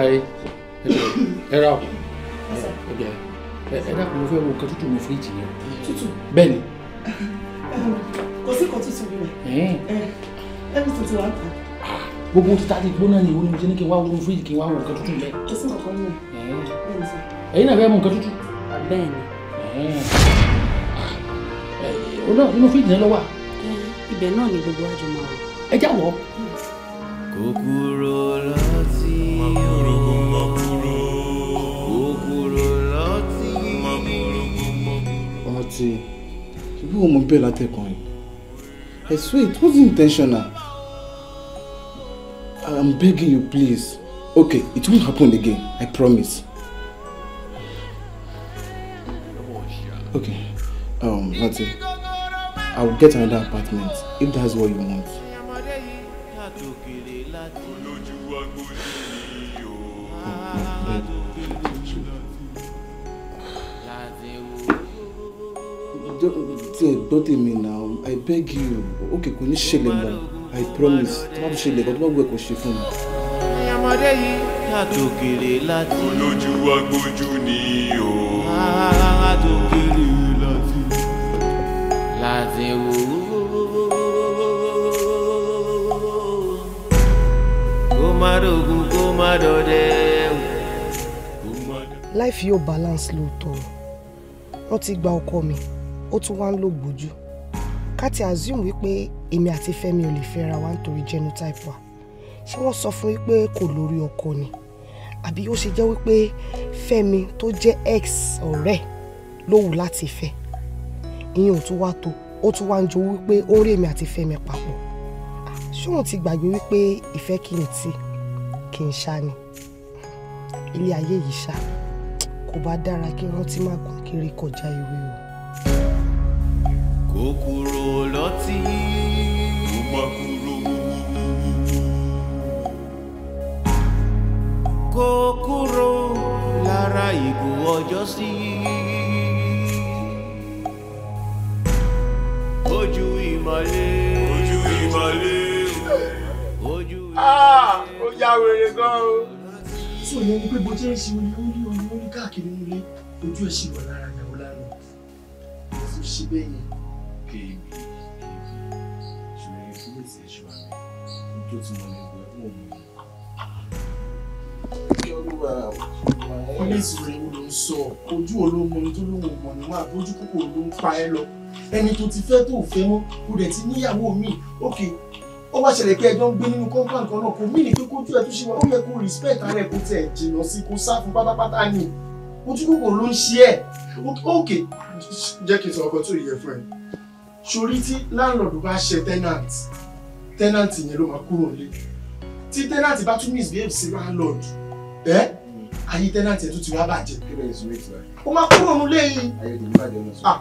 jàre ẹ ra ọ ẹ dàpọ̀ mo fẹ́ wo nǹkan tútù mo fíríjì yẹn. tútù bẹ́ẹ̀ ni. kò sí kan tútù bí wọn ẹ mú tútù wá ta. gbogbo títa ti gbóná ni ìwé ni mo ti ní kí n wá wo fíríjì kí n wá wo nǹkan tútù bẹ́ẹ̀. kò sí nǹkan mú ẹ. ẹ̀yin náà fẹ́ mú nǹkan tútù. bẹ́ẹ̀ ni. inú fíríjì náà lọ wà. ibẹ̀ náà ni gbogbo àjùmọ̀ bẹ́ẹ̀ látẹ̀kàn yìí I swear it wasn't intentional I'm begging you please okay it won't happen again I promise okay um, Lati will get another apartment if that's what you want. Oh, no, no. Don't gbọ́ me now. i beg you okay kò ní ṣẹlẹ̀ mọ́ i promise tó bá fi ṣẹlẹ̀ kan tó bá wù ẹ́ ṣe fún mi. ọmọdé yìí àtòkèrè láti. olójú agbójú ni o. àtòkèrè láti. láti wò life yóò balance lóòótọ́ wọ́n ti gba ọkọ mi ó tún wá ń lò gbójú ká ti assume wípé èmi àti Fẹ́mi ò lè fẹ́ra wa nítorí genotype wa ṣé wọ́n sọ fún wípé kò lórí ọkọ ni àbí ó ṣe jẹ́ wípé Fẹ́mi tó jẹ́ ex ọ̀rẹ́ ló wù láti fẹ́ ìyẹn ò tún wá tó ó tún wá ń jowú wípé ó rí èmi àti Fẹ́mi papọ̀ ṣóun ti gbàgbé wípé ìfẹ́ kì í tì kì í ṣá ni ilé ayé yìí ṣá kò bá dára kí rántí má gùn kiri kọjá ìwé òkúrò lọ́tí. ó má kúrò. kó kúrò lára ìgò ọjọ́ sí. ojú ìmọ̀lẹ́. ojú ìmọ̀lẹ́. ojú ìmọ̀lẹ́. Ah, ó yá wèrè gan o. tí òye ni pé bó jẹ́ ìṣe orí orí orí káàkiri nílé ojú ẹ̀ ṣì wà lára ìyàwó lánàá. mo sì bẹ́ẹ̀ yẹn. tó ti mọ̀ ní ìwé mọ̀ mi. Olúwa oníṣìírí wo ló ń sọ ojú ológun tó lóun mọ̀ ní máa bójú kúkúrú ló ń pa ẹ lọ ẹni tó ti fẹ́ tó fẹ́ mọ́ o dẹ̀ ti níyàwó mi òkè ó wá ṣẹlẹ̀ pé ẹjọ́ ń gbé nínú compound kan náà kò mí ní pé kójú ẹ tó ṣe wá ó yẹ kó respect ara ẹ kó tẹ̀ jìnnà sí kó sá fún pátápátá ni ojú kòkòrò ló ń ṣe ẹ òkè jẹ́ kí n sọ ọkọ tó yẹ fún ẹ sórí tí láńlọ́ọ̀dù bá ṣe tenant tẹ́nàntì yẹn ló máa kúrò nílé tí tẹ́nàntì bá tún misbehave sí landlord ẹ́ ayé tẹ́nàntì ẹ̀ tún ti wá bàjẹ́ ó máa kúrò nílé yìí o ah,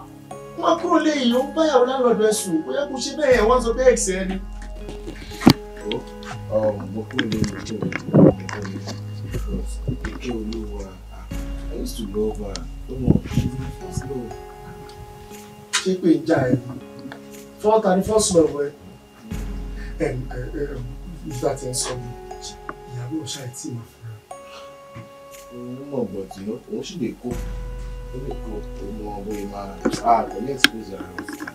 máa kúrò nílé yìí ó ń báyàwó landlord ẹ̀ sùn ó yẹ kó ṣe bẹ́ẹ̀ wọ́n sọ bẹ́ẹ̀ ṣe ẹni. mo kúrò ní ìlú tó ń bọ̀ ike olúwa ah, I used to love her tó mọ̀ ṣé pé ń já ẹ fọ́ta ni fọ́sùn ọ̀wẹ́ ìgbà tí ẹ sọ mi ìyàwó ọ̀ṣà ẹ̀ tí mà fúnra. òun mọ̀ bọ̀ tí òun sì lè kó ó lè kó òun mọ bóyá máa ra àgbẹ̀ ní ẹ̀sìkòsì ara wọn síta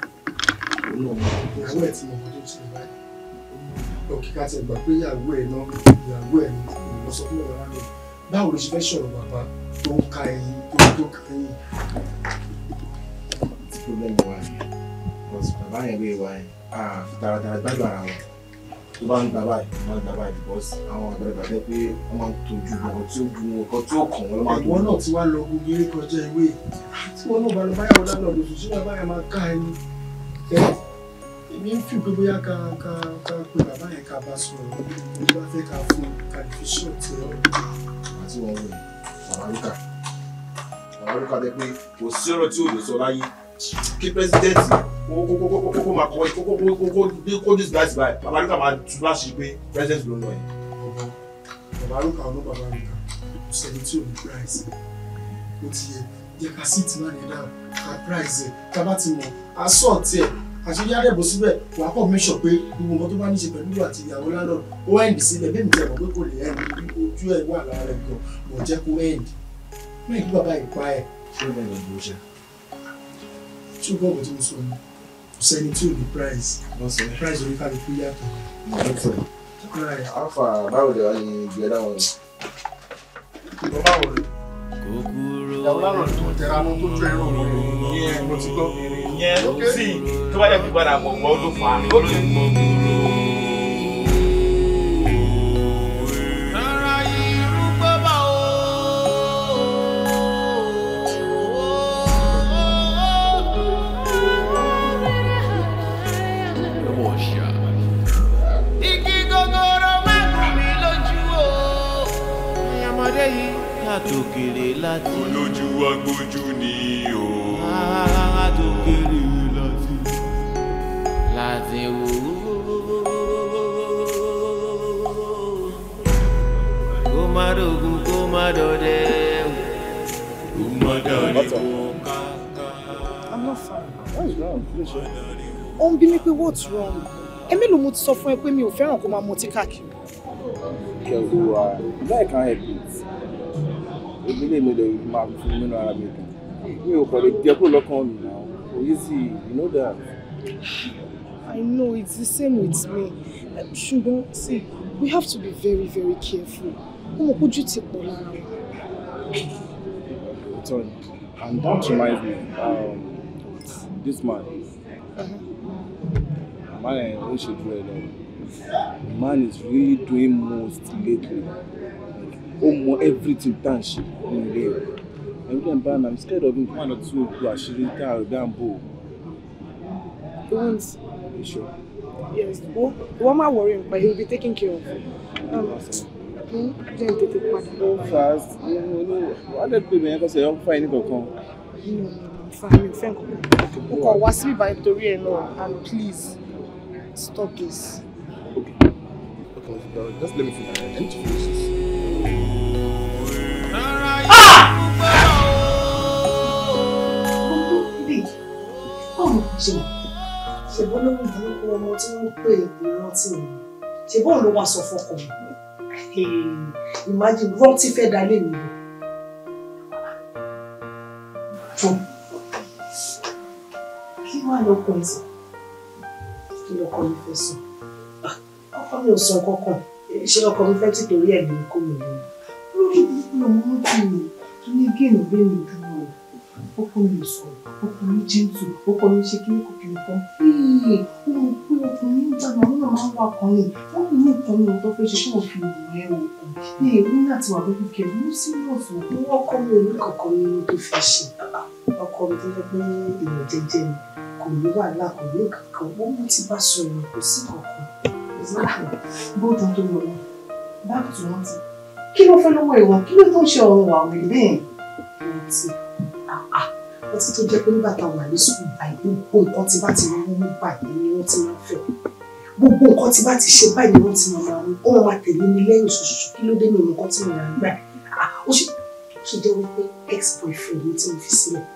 òun náà mọ ìyàwó ẹ̀ tí mo mọ̀ tó ti rẹ̀ báyìí. òkè ká ti gbà pé ìyàwó ẹ̀ náà ìyàwó ẹ̀ ni mo sọ fún ọ̀rọ̀ rẹ̀ báwo ló ṣe fẹ́ sọ̀rọ̀ bàbá tó ń ka ẹyin tó ń tó ka ẹyin. tí problem wà ní bàbá yẹn lè wá yẹn àfi tààràtààrà ara wọn tó bá ń gbà báyìí máa ń gbà báyìí because àwọn àgbàlagbà jẹ́ pé wọ́n máa ń tọ́jú ọkọ̀ tí ó ju ọkọ̀ tí ó kàn wọ́n ló máa tọ́jú. ìwọ náà ti wá lọ gbogbo eré kọjá ìwé tí wọn náà bá lọ báyàwó dáná lóṣù tí bàbá yẹn máa ká ẹni èmi ń fi gbogbo yá ká ká ká pé bàbá yẹn ká bá sọ̀rọ̀ ní bá fẹ́ ká fún ká fi ṣọ́ọ̀tì ọ̀rọ̀ àti wọn wọ̀nyí bàbá lókà bàbá ọ̀rọ̀ tí kí pẹ́sidẹ́ǹtì kókókókókó máa kọ́ kókókókó kó dis guy ti báyìí babaluka máa tún bá ṣe pé pẹ́sidẹ́ǹtì ló ń lọ yẹn. babaluka ọ̀nà babaluka kò sẹ́ni tí ò ní price ó ti yẹ jẹ́ ká sí ti máa ní dáhùn ká price ẹ̀ ká bá ti mọ̀ aṣọ ọ̀tí ẹ̀ àṣírí àdẹ̀bò síbẹ̀ wàá kọ́ mẹ́sọ̀ pé gbogbo nǹkan tó bá ní ṣe pẹ̀lú àti ìyàwó lánàá ó ẹ̀ǹdì síbẹ̀ bí èmi jẹ́ mọ̀ pé kò lè ẹ̀ǹdì ojú ẹ̀ wà lára ẹ̀ gan mọ̀ jẹ́ kó ẹ̀ǹdì mẹ́ẹ̀kí bàbá ìpa ẹ̀. ṣé o lè lọ bí o ṣe tí o gbọ́dọ̀ tí mo sọ ni kò sẹ́ni tí o ní price price oníkálukú yàtọ̀. afa báwo lè wá ní ìgbẹ́ láwọn rẹ̀. ìgbọ́ báwo rẹ̀. ìyàwó tó tẹra mọ́ tó tẹ ẹ̀rọ rẹ̀ ní ẹ̀rọ tí gbọ́. ìyẹn sí tó bá yẹ kí padà mọ̀ wọ́n ló fà á. àtòkèrè láti. olójú agbójú ni o. àtòkèrè láti. láti wò kó má dògún kó má dọdẹ. kó má dọdẹ kó ká I'm not fine. What is wrong? ó ń bí mi pé what's wrong? èmi ló mo ti sọ fún ẹ pé mi ò fẹ́ràn kó máa mutí káàkiri. kẹ̀wò àìláìka ẹ̀bùn èmi mi lè máa fi mímú ara mi dùn mi ò kọ̀ lè jẹ́ kó lọ́kàn mi náà kò yí sí you know that. I know it's the same with me ṣùgbọ́n see we have to be very very careful ó mọ̀ kójú ti pọ̀ lára wa. Tony, and that reminds me um, this man. Uh-huh. Man, I don't should do it. Man is really doing most lately ó mọ everything tá à ń ṣe ní ilé rẹ̀ ẹ̀rú dẹ̀ i'm scared of him kí wọ́n lọ tún òkú àṣírí tá a rẹ̀ dá ń bò. don't sure. yes wo wo má worry nípa he will be taking care of you. Um, hmm? jẹ́ n tètè padà. so fast wọ́n lè pè mí ẹ̀ kọ́ sọ yọ fún àìní kankan. Hmm, fàmì fẹ́ nǹkan o kàn wá sí ìbàdàn torí ẹ̀ náà and please stop this. okay okay just let me finish ọ̀rọ̀ jìnnà ṣèbó ló ń burúkú ọmọ tí wọ́n pè é rántí mi ṣèbó ló wá sọ fọkàn mi imagine rántí fẹ́ dalé mi lọ. John kí wàá lọkọ ẹ sọ kí lọkọ mi fẹ́ sọ ọkọ mi ò sọ kankan ṣé ọkọ mi fẹ́ tìtorí ẹ̀ lè kó mi lọ. lórí ìlú ọmọ mi kò ní kí n mi dúró ọkọ mi ò sọ̀rọ̀ ọkùnrin jíǹtù ọkùnrin ṣe kí ní kan fíì ohun pé ọkùnrin ń dàgbà náà máa ń wà kan ni wọn kì ní nǹkan ní ọtọ fẹẹ fún òfin ìwé o ní èmi náà ti wà lórí kẹbí ó sì wọ̀ fún mi wọ́n mi òní kankan ní ohun tó fi ṣe ọkọ mi tó yẹ pé èèyàn jẹjẹ ni kò ní wàhálà kò ní kankan ó mú ti bá sọ̀rọ̀ kò sí kankan bóòtú kí ló fẹ́ lọ́wọ́ ìwọ̀n kí ló tó ń ṣe ọ̀run wà wí bẹ́ẹ̀ ọtí tó jẹ́ pé nígbà tá a wà ní sùkúl báyìí gbogbo nǹkan tí bá ti rí wọn báyìí ni wọ́n ti máa ń fẹ́ gbogbo nǹkan tí bá ti ṣe báyìí ni wọ́n ti máa máa wọn wọ́n máa tẹ̀lé mi lẹ́yìn ṣoṣoṣo kí ló dé mi nǹkan tí mo rà ń gbà ah, ó ṣe jẹ́ wípé ex boyfriend mi tí mo fi sílẹ̀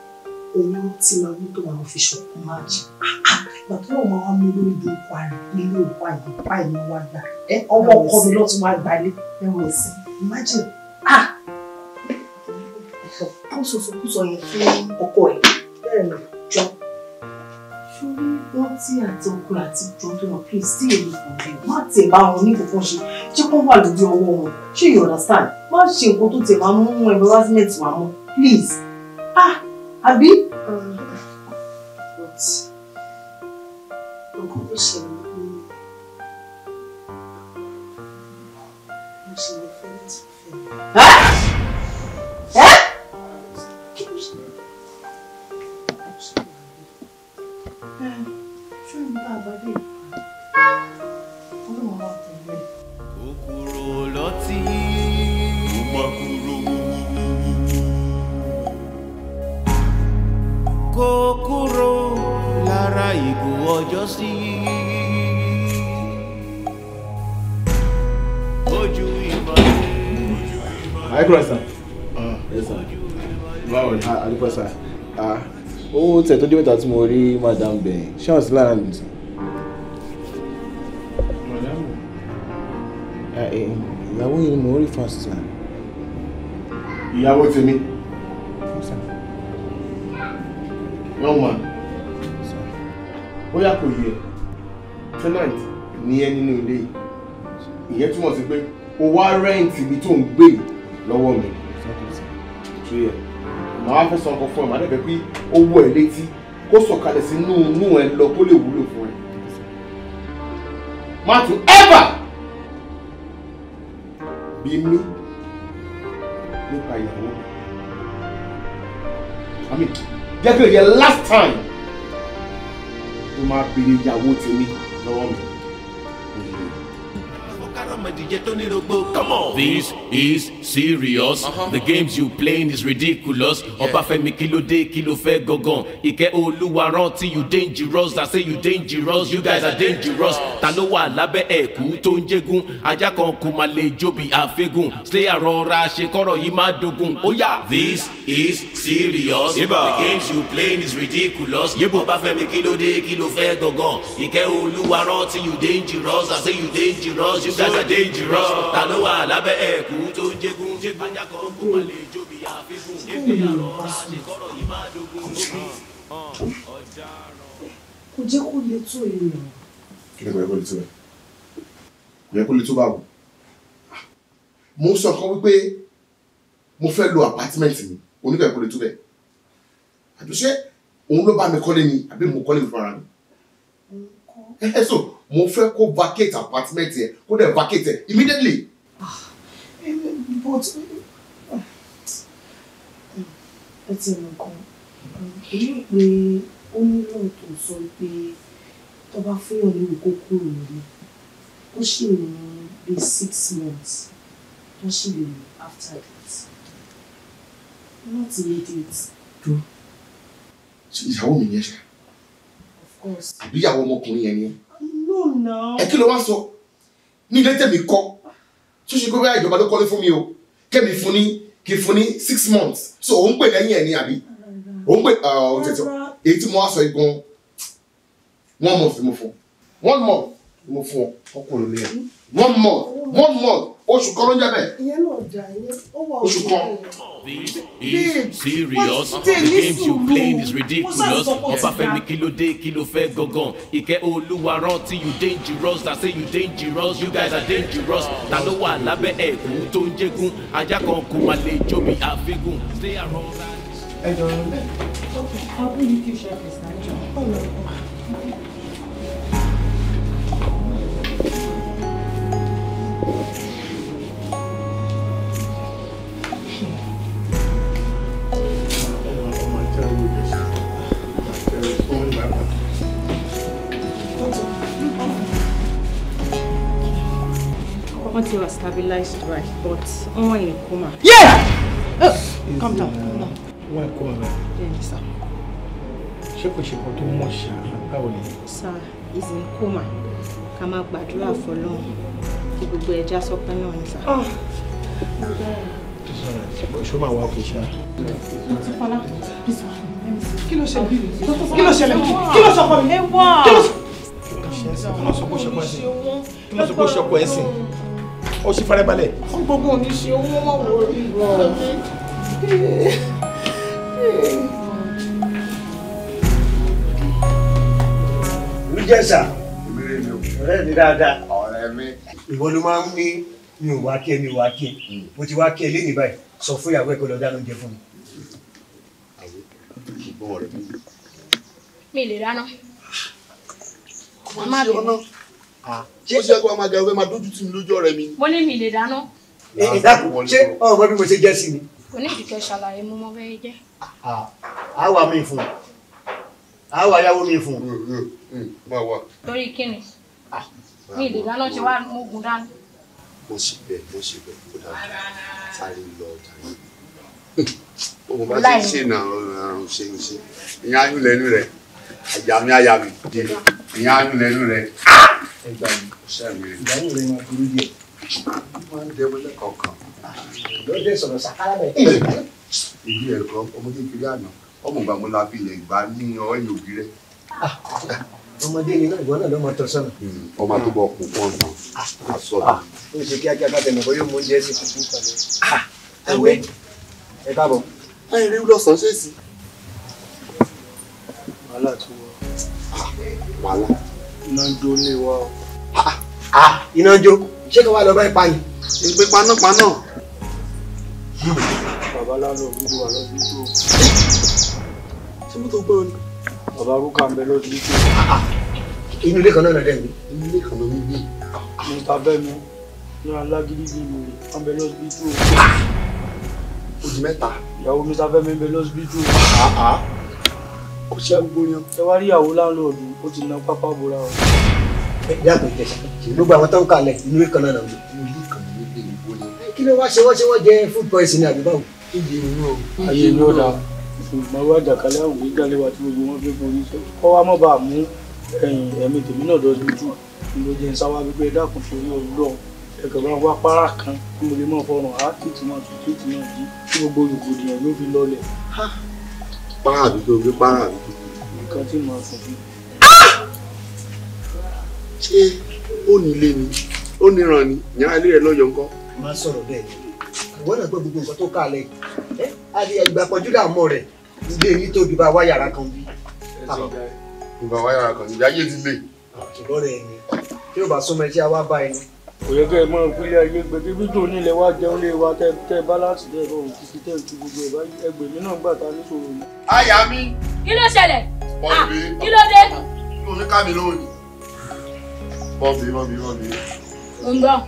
oyún tí máa ń tó àwọn fi ṣòkò máa jẹ ìgbà tó lọ́wọ́ máa wá mú lórí ibi ipò àrè nílé òkú àgbè báyìí ni wọ́n wá gbà ọwọ́ ọkọ mi imagine ah àwọn sọ̀sọ̀kúsọ yẹn fún ọkọ ẹ̀ bẹ́ẹ̀ ni jọ sórí wọn tí àti ọkọ àti ìjọ tó wọn kí sí èmi kò lè má tẹ̀ bá wọn ní kankan ṣe tí wọ́n wà lórí ọwọ́ wọn ṣé you understand má ṣe nǹkan tó tẹ̀ máa mú mú embarrassment wà mọ́ please ah àbí. nǹkan tó ṣẹlẹ̀ ni mo ṣe lè fẹ́ láti fẹ́. tẹ̀ tó dé mẹ́ta tí mo rí madam bẹ̀yìn ṣé wọ́n sí lára mi sí. ìyàwó yìí ni mo rí first time. ìyàwó tèmi. wọ́n mọ̀ bóyá kò yẹ tenant ní ẹ nínú ilé yìí ìyẹn túmọ̀ sí pé o wá rẹ́ǹtì ibi tó ń gbé yìí máa fẹ́ sọ nǹkan fún ẹ màá dẹ̀bẹ̀ pé ó ẹ létí kó sọ̀kalẹ̀ sí inú inú ẹ lọ kó lè wúlò fún ẹ. má tún ẹ́bà bí mi nípa ìyàwó mi. àmì jẹ́ kí o last time ló máa béèrè ìyàwó tèmi lọ́wọ́ mi. This is serious. Uh-huh. The games you playing is ridiculous. Obafemi kilo fe Gogon. Ike Oluwaranti, you dangerous. I say you dangerous. You guys are dangerous. Ta ló wà eku, ẹ̀kú tó ń jẹ́gun. Ajá kan kò máa lè jóbi àfẹ́gùn. Slayer rọra dogun. Ó yá. This is serious. Yeba. The games you playing is ridiculous. Yebo. Obafemi kilo fe Gogon. Ike Oluwaranti, you dangerous. I say you dangerous. You guys are dangerous kejì rọ ta ló wà lábẹ́ ẹ̀kú tó ń jégún ajakọ̀ ń kó malè jóbi àfikún kéde àrọ̀ àdìkọ́rọ̀ yìí máa dogun lókun ọ̀daràn. kò jẹ́ kó lè tó èèyàn. kí ni kò lè tó ẹ̀ kò yẹ kó lè tó báwo mo sọ kan wípé mo fẹ́ lo apátímẹ́ǹtì mi oníkẹ́ kó lè tó bẹ́ẹ̀ àdúṣe òun ló bá mi kọ́lé ni àbí mo kọ́lé mi fara mi. ẹ ẹ so mo fẹ́ kó vacate apartment yẹn kó dẹ̀ vacate yẹn immediately. but ẹ ti mọ kan èyí pé ó nílò tó sọ pé tó bá fún yàn ní kó kúrò nílé ó sì ní bí six months tó sì lè lò after that not immediate. ìyàwó mi yẹn ṣe àbí ìyàwó ọmọkùnrin yẹn ni true now. ẹ kí ló wá sọ ní ilé tèmi kọ́ ṣíṣe kó bá ìjọba ló kọ́lé fún mi o kẹ́mi fún ní kí fún ní six months so òun pè lẹ́yìn ẹ̀ ní àbí òun pè ọ̀hún tẹ̀tọ̀ èyí tí mo wá sọ igun one month ni mo fún one month ni mo fún ọkùnrin mi one month one month oṣù kan ló ń jẹ bẹ́ẹ̀. oṣù kan. serious. The games you play is ridiculous. Ọbáfẹ́mi kí ló dé kí ló fẹ́ gangan. Ìkẹ́ you dangerous. I say you dangerous. You guys are dangerous. Ta ló wà lábẹ́ ẹ̀kú tó ń jẹ́gun? Ajá kan kò máa lè jóbi àfigún. Stay around. Ẹ jọ rẹ lẹ. Okay, how will you teach her this wọ́n ti wà stabilized right but wọ́n wà in coma. yeah oh, calm down calm down. wọ́n ẹ̀ kọ́ ọ̀rẹ́. bẹ́ẹ̀ni sá. ṣé kò ṣe kan tó mọ̀ ṣá báwo ni. sá is in coma ká máa gbàdúrà fọlọ́run kí gbogbo ẹja sọpẹ́ náà ni sá. ṣó máa wá òkè ṣá. Fọlá kí ló ṣe kí ló ṣẹlẹ̀ kí ló sọkọ mi kí ló sọkọ mi. kí ló sọ pé ó ṣọkọ ẹ̀sìn o sì fara balẹ̀. fún gbogbo òní ṣe owó mọ̀ wò rí wọn. lùjẹ́sà ọ̀rẹ́ mi dáadáa. ọ̀rẹ́ mi. ìwọ ló máa ń ní mi ò wá kí ẹ mi ò wá kí ẹ hmm. mo ti wá kí ẹ lẹ́yìn báyìí sọ fún ìyàwó ẹ kó lọ dáná oúnjẹ fún mi. mi lè dáná. màmá mi ó ṣe ẹgbẹ́ máa gàwé máa dójú tì mí lójú ọ̀rẹ́ mi. mo ní mi lè dáná. ìdákùn ṣé ọmọ bí mo ṣe jẹ́ sí ni. kò ní ìdíkẹ́ ṣàlàyé mo mọ bẹ́ẹ̀ jẹ́. àwa mi fún àwa yàwó mi fún. torí kí ni ah. mi lè dáná ṣe wá mo gùn dáná. mo ṣe bẹ́ẹ̀ mo ṣe bẹ́ẹ̀ kó dáa sáré lọ dáná òun bá ti ṣe nà ọ̀run ṣe ń ṣe ìyá ayún lẹ́nu rẹ̀ àjà mi àyà ìyá ayún lẹ́nu rẹ̀. Ah! ẹgbà ìyàwó rẹ máa burú díẹ̀. máa ń dẹ́wọ́ lẹ́kọ̀ọ́ kan. lọ́dẹ sọ̀rọ̀ sàkárà bẹ̀. ìlú ẹ̀kọ́ ọmọdé kiri àná ọmọ ìgbà mo la fi ilẹ̀ ìgbà ní ọ̀yìn òbí rẹ. ọmọdé yìí náà ìwọ náà ló mọ tọ sọnà. Hmm, ọmọ tó bọ kún fún ọ̀nà àsọ. ó ṣe kíákíá ká tẹnu bóyá mo ń jẹ ní ìsìnkú kan ẹwẹ ẹ káàbọ̀. ẹ rí lọ́sàn ṣe sí. wàhálà tó wọ. Ah, wàhálà. iná ń dún lé wa o iná jó ṣé kí wàá lọ bá ipa ni. ìpè panápaná. bàbá lánàá òbí wà lọ́dún tó. ṣé mo tó gbọ́ ni. bàbá rúkà ń bẹ lọ́dún tó. inú ilé kan náà nàdẹ́ mi. inú ilé kan náà mi bí. mo ta bẹ́ẹ̀ mi ní alágídí bíi mi rè ń bẹ lọ́dún tó. oṣù mẹ́ta. ìyàwó mi ta bẹ́ẹ̀ mi ń bẹ lọ́dún tó kò ṣe gbogbo yan. ẹ wá rí ìyàwó láńlọ́ọ̀dù ó ti na pápá bora ọ̀dọ̀ yàtọ̀ jẹ gbogbo àwọn tó ń kalẹ̀ inú kan náà lọ. kí ló wá ṣe wọ́n ṣe wọ́n jẹ food poison àbí báwo. ìdí ìlú o ayé ló dá ṣùgbọ́n wá jàkálẹ̀ àwọn òwe dálé wa tí gbogbo wọn fẹ́ borí sọ kọ́ wa mọ́ bá a mú ẹ̀mí tèmi náà lọ lójú ló jẹ́ sáwá gbígbé dákun torí ọlọ́run ẹ̀kọ́ bá wá párá kan tí mo lè mọ̀ fọ́ràn á ṣé ó nílé ni ó níran ni ìyá ilé rẹ lọ́yọ̀ ńkọ́. má sọ̀rọ̀ bẹ́ẹ̀ ni ìwọ náà gbọ́ gbogbo nǹkan tó kà lẹ̀ ẹ́ àti ìgbà pọ̀jù dààmú rẹ̀ ilé yìí tó dùbà wá yàrá kan bí. ìgbà wá yàrá kan ìyá yé ti lè. ṣùgbọ́n rẹ̀ ni tí yóò bá súnmọ́ ẹ tí a wá bá ẹni kò yẹ kẹ́ ẹ mọ ìpínlẹ̀ ayé gbẹ̀dẹ̀ bídùn nílẹ̀ wá jẹun lé wa tẹ́ báláǹsì dẹ̀ lọ́rùn títí tẹ́ ju gbogbo ẹ̀ báyìí ẹgbẹ̀mí náà gbà ta níṣòro ni. àyà mi. kí ló ṣẹlẹ̀ ah, kí ló dé. kí ló ní ká mi lónìí mọ mi mọ mi mọ mi. mo ń bọ̀.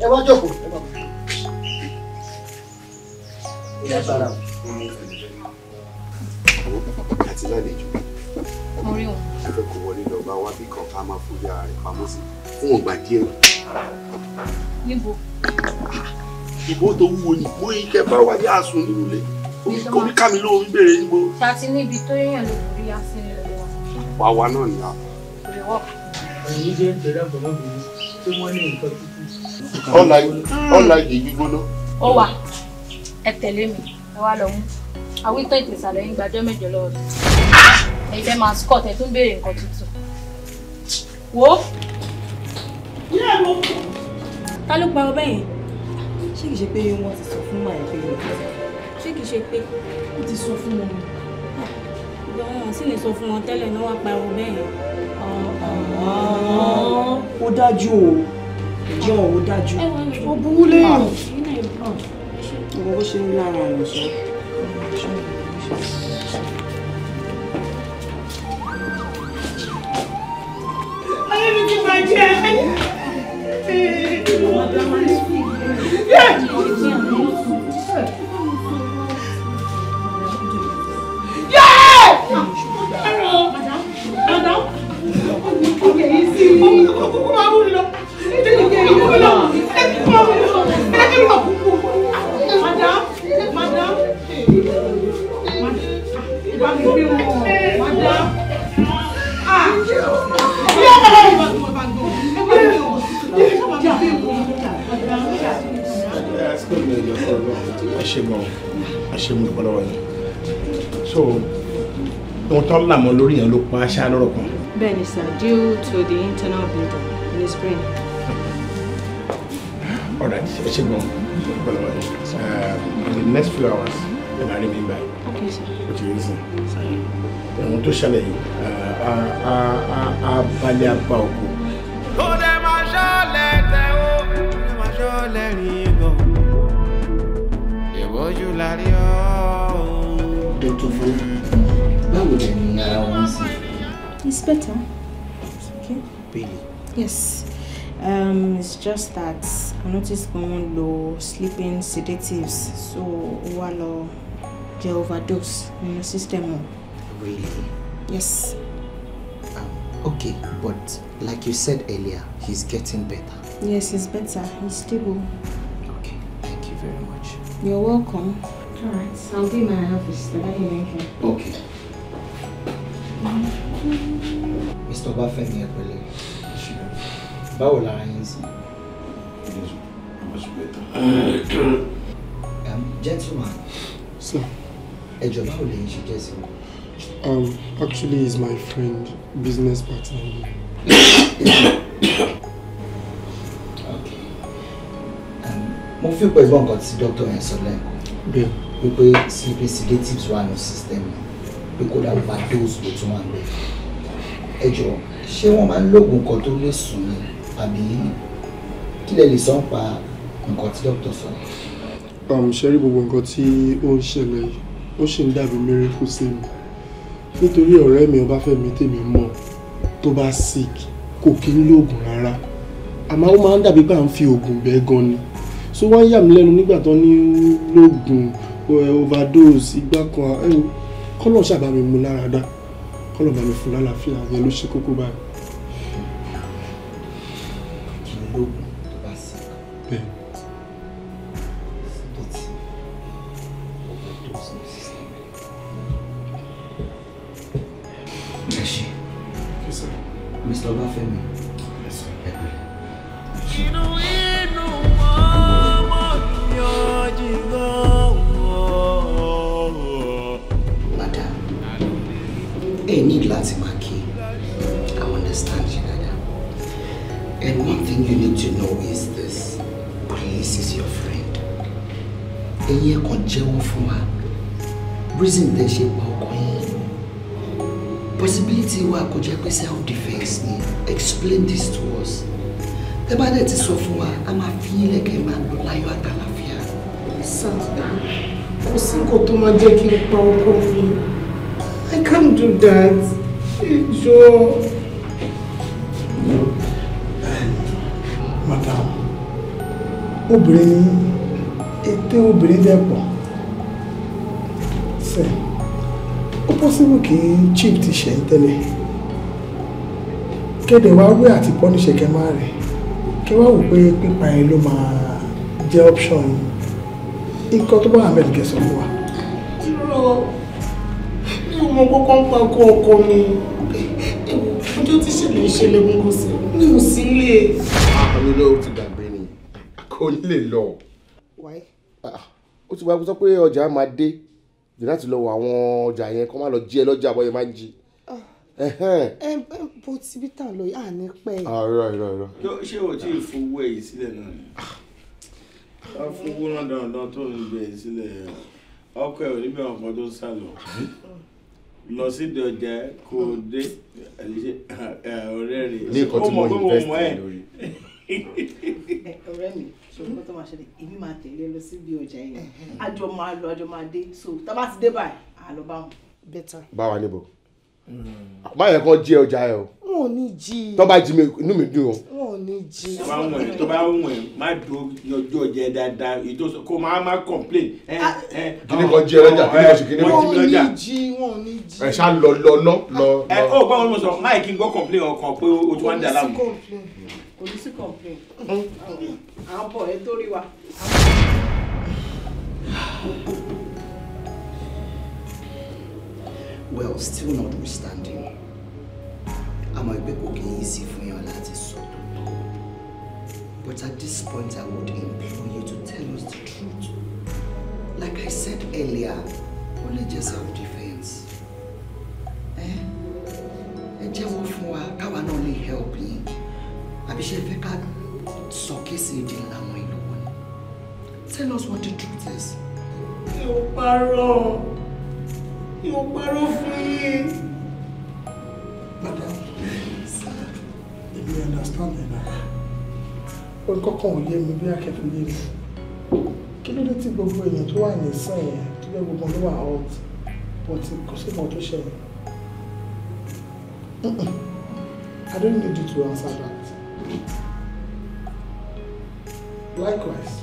ẹ wá jókòó ẹ bá mi. ìyá sára o. àti lálejò. mo rí wọn. a fẹ́ kó wọlé lọ bá wá bí kan ká máa fojú ara rẹ̀ pamọ́ sí fún ọgbà díẹ̀. níbo. ìbò tó wúwo ni bóyá ìkẹfà wáyé àsun nínú ilé oníkàmí ló ń béèrè níbo. ṣáà ti níbi tó yẹn ló kórìíyá sí ilé wa. wàá wa náà ni a ẹ̀yìn jẹ́ ìbẹ̀rẹ̀ àbọ̀lọ́gbìn tí wọ́n ní nǹkan tútù. ọ̀la yìí gbígbóná. ó you ẹ tẹ̀lé mi ẹ wá lọ mú àwítọ́ ìtẹ̀sàlẹ̀ yín gbàjọ́ mẹ́jọ lọ́wọ́ ẹ̀yin I'm máa scott ẹ̀ tún béèrè nǹkan tútù. wo. ta ló parọ́ bẹ́yẹn ṣé kìí ṣe pé wọ́n ti sọ fún màá pé wọ́n ṣé kìí ṣe pé wọ́n ti sọ fún wọn. Ah, ìgbà wọn sì lè sọ fún wọn tẹ́lẹ̀ náà wá parọ́ ó dájú o ìjọ ò dájú ó burú léèyàn ah, ọmọ bó ṣe ń lára rẹ̀ sọ. ayé mi madam madam madam ah yóò madam. lórí yẹn ló pa aṣá lọ́rọ̀ kan. Bẹ́ẹ̀ni sir, due to the internal bleeding in his brain. All right, ẹ ṣe gan. Um, in the next few hours, ẹ máa rí mi báyìí. Okay sir. O ti rí sìn. Ẹ̀wọ̀n tó ṣẹlẹ̀ yìí, uh, a balẹ̀ apá oko. Ó dẹ̀ máa ṣọ́ọ̀lẹ̀ tẹ̀ ó, ó dẹ̀ máa ṣọ́ọ̀lẹ̀ rìn gan. Ìwọ́jú la rí ọ́. Dókítà fún báwo ni ara wọn sí? It's better. It's okay. Really? Yes. Um, it's just that I noticed common low sleeping sedatives, so while they overdose in your system. Really? Yes. Um, okay, but like you said earlier, he's getting better. Yes, he's better. He's stable. Okay, thank you very much. You're welcome. All right, I'll be in my office. Okay. okay. tó bá fẹ́ ní ẹ̀pẹ̀lẹ́ báwo lára yín sí. Um, gentleman sir ẹjọ báwo lè ṣe jẹ́ sí wọn. Um, actually is my friend business partner. okay. Um, mo fi pẹ̀lú nǹkan tí dókítà yẹn sọ lẹ́kọ̀ọ́ wípé sleeping sedatives wà ní system pé kódà overdose ló tún wà ń bẹ̀rẹ̀ ẹ jọ̀ọ́ ṣé wọ́n máa ń lóògùn nǹkan tó lè sùn ni àbí kí lẹ lè sọ ń pa nǹkan tí dókítà sọ. ṣe rí gbogbo nǹkan tí ó ń ṣẹlẹ̀ yìí ó ṣì ń dàbí miracle sí mi nítorí ọ̀rẹ́ mi ọbáfẹ́mi tèmi mọ̀ tó bá sick kò kí ń lóògùn rárá àmọ́ ó máa ń dàbí pé ń fi oògùn bẹ́ẹ̀ gan ni so wọ́n yà mí lẹ́nu nígbà tó ní lóògùn eh, overdose igbá kan eh, kọ́lọ̀ ṣàbàmì mu lára dá. kolomba lefula la fia ya le kukuba kidogo obìnrin ni ètè obìnrin dẹ̀ pọ̀ sẹ́ ó pọ́sibú kí chief ti ṣe tẹ́lẹ̀ kẹ́dẹ̀ wá wé àti pọ́nìṣẹ́ kẹ́ máa rẹ̀ kẹ́ wá wò pé pípa ẹ̀ ló máa jẹ́ option nǹkan tó bá ahmed gẹ̀ẹ́sọ̀ fún wa. irọ́ mi ò mọ kókó ń pa ọkọ ọkọ mi ọjọ́ tí ìṣẹ̀lẹ̀ ìṣẹ̀lẹ̀ gbogbo sí mi ò sí ilé ò ní lè lọ. Ah, ó ti wá sọ pé ọjà máa dé jù láti lọ wọ àwọn ọjà yẹn kó má lọ jí ẹ lọ́jà àbọ̀ yẹn máa ń jí. Ah. bó ti bí tà lọ yà ní pẹ́. irọ́ irọ́ irọ́. ṣé o ti fowó èyí sílẹ̀ náà ni wọ́n ah. fowó náà dandan tó ń gbé èyí sílẹ̀ ọkọ ẹ̀ ò ní bẹ̀rẹ̀ ọkọ tó ń sá lọ lọ sí dọjà kò dé ọ̀rẹ́ rẹ̀ ní ìkọ́ tí mo invest lórí. ọ̀rẹ́ mi ṣùgbọ́n hmm? tó máa ṣẹlẹ̀ èmi máa tẹ̀lé lọ síbi ọjà yẹn àjọ máa lọ àjọ máa dé so tá bá ti dé báyìí à lọ bá wọn. báwa níbo hmm. má yẹ kó jí ọjà yẹ o wọn ò ní jí tó bá jí mi inú mi dùn o. wọn ò ní jí. tó bá wùn tó bá wùn má dúró yanjú ọjà dáadáa ìjọsọ kó má má complain. Ah, kíni kan jí ọlọ́jà kíni kan sì kíni kan jí ọlọ́jà. wọn ò ní jí wọn ò ní jí. ẹ ṣá lọ lọ lọ lọ. ẹ ó gbọ́dọ̀ sọ máìkì ń gbọ́ complain ọkàn pé o ti wá ń dà láàmú kò complain à bọ̀ ẹ tó rí wa. well still notwithstanding àmọ́ ẹgbẹ́ kò kí n yí sí fún yàn láti sọ but at this point I would implore you to tell us the truth like I said earlier only religious self-defense ẹ jẹ́wọ́ fún wa káwa náà lè help yín àbí ṣe fẹ́ ká sọ kéèsì ìdí ńlá mọ́ ìlú wọn tell us what the truth is. mi ò parọ́ mi ò parọ́ fún yín. madam èmi understand ẹ̀ náà ó kọ́kọ́ ò yé mi bí akẹ́kọ̀ọ́ yé mi kí ló dé tí gbogbo èèyàn tó wà ní sàn yẹn tó jẹ́ gbogbo ló wà hot but kò sí ìmọ̀ tó ṣẹlẹ̀ I don't need you to answer that likewise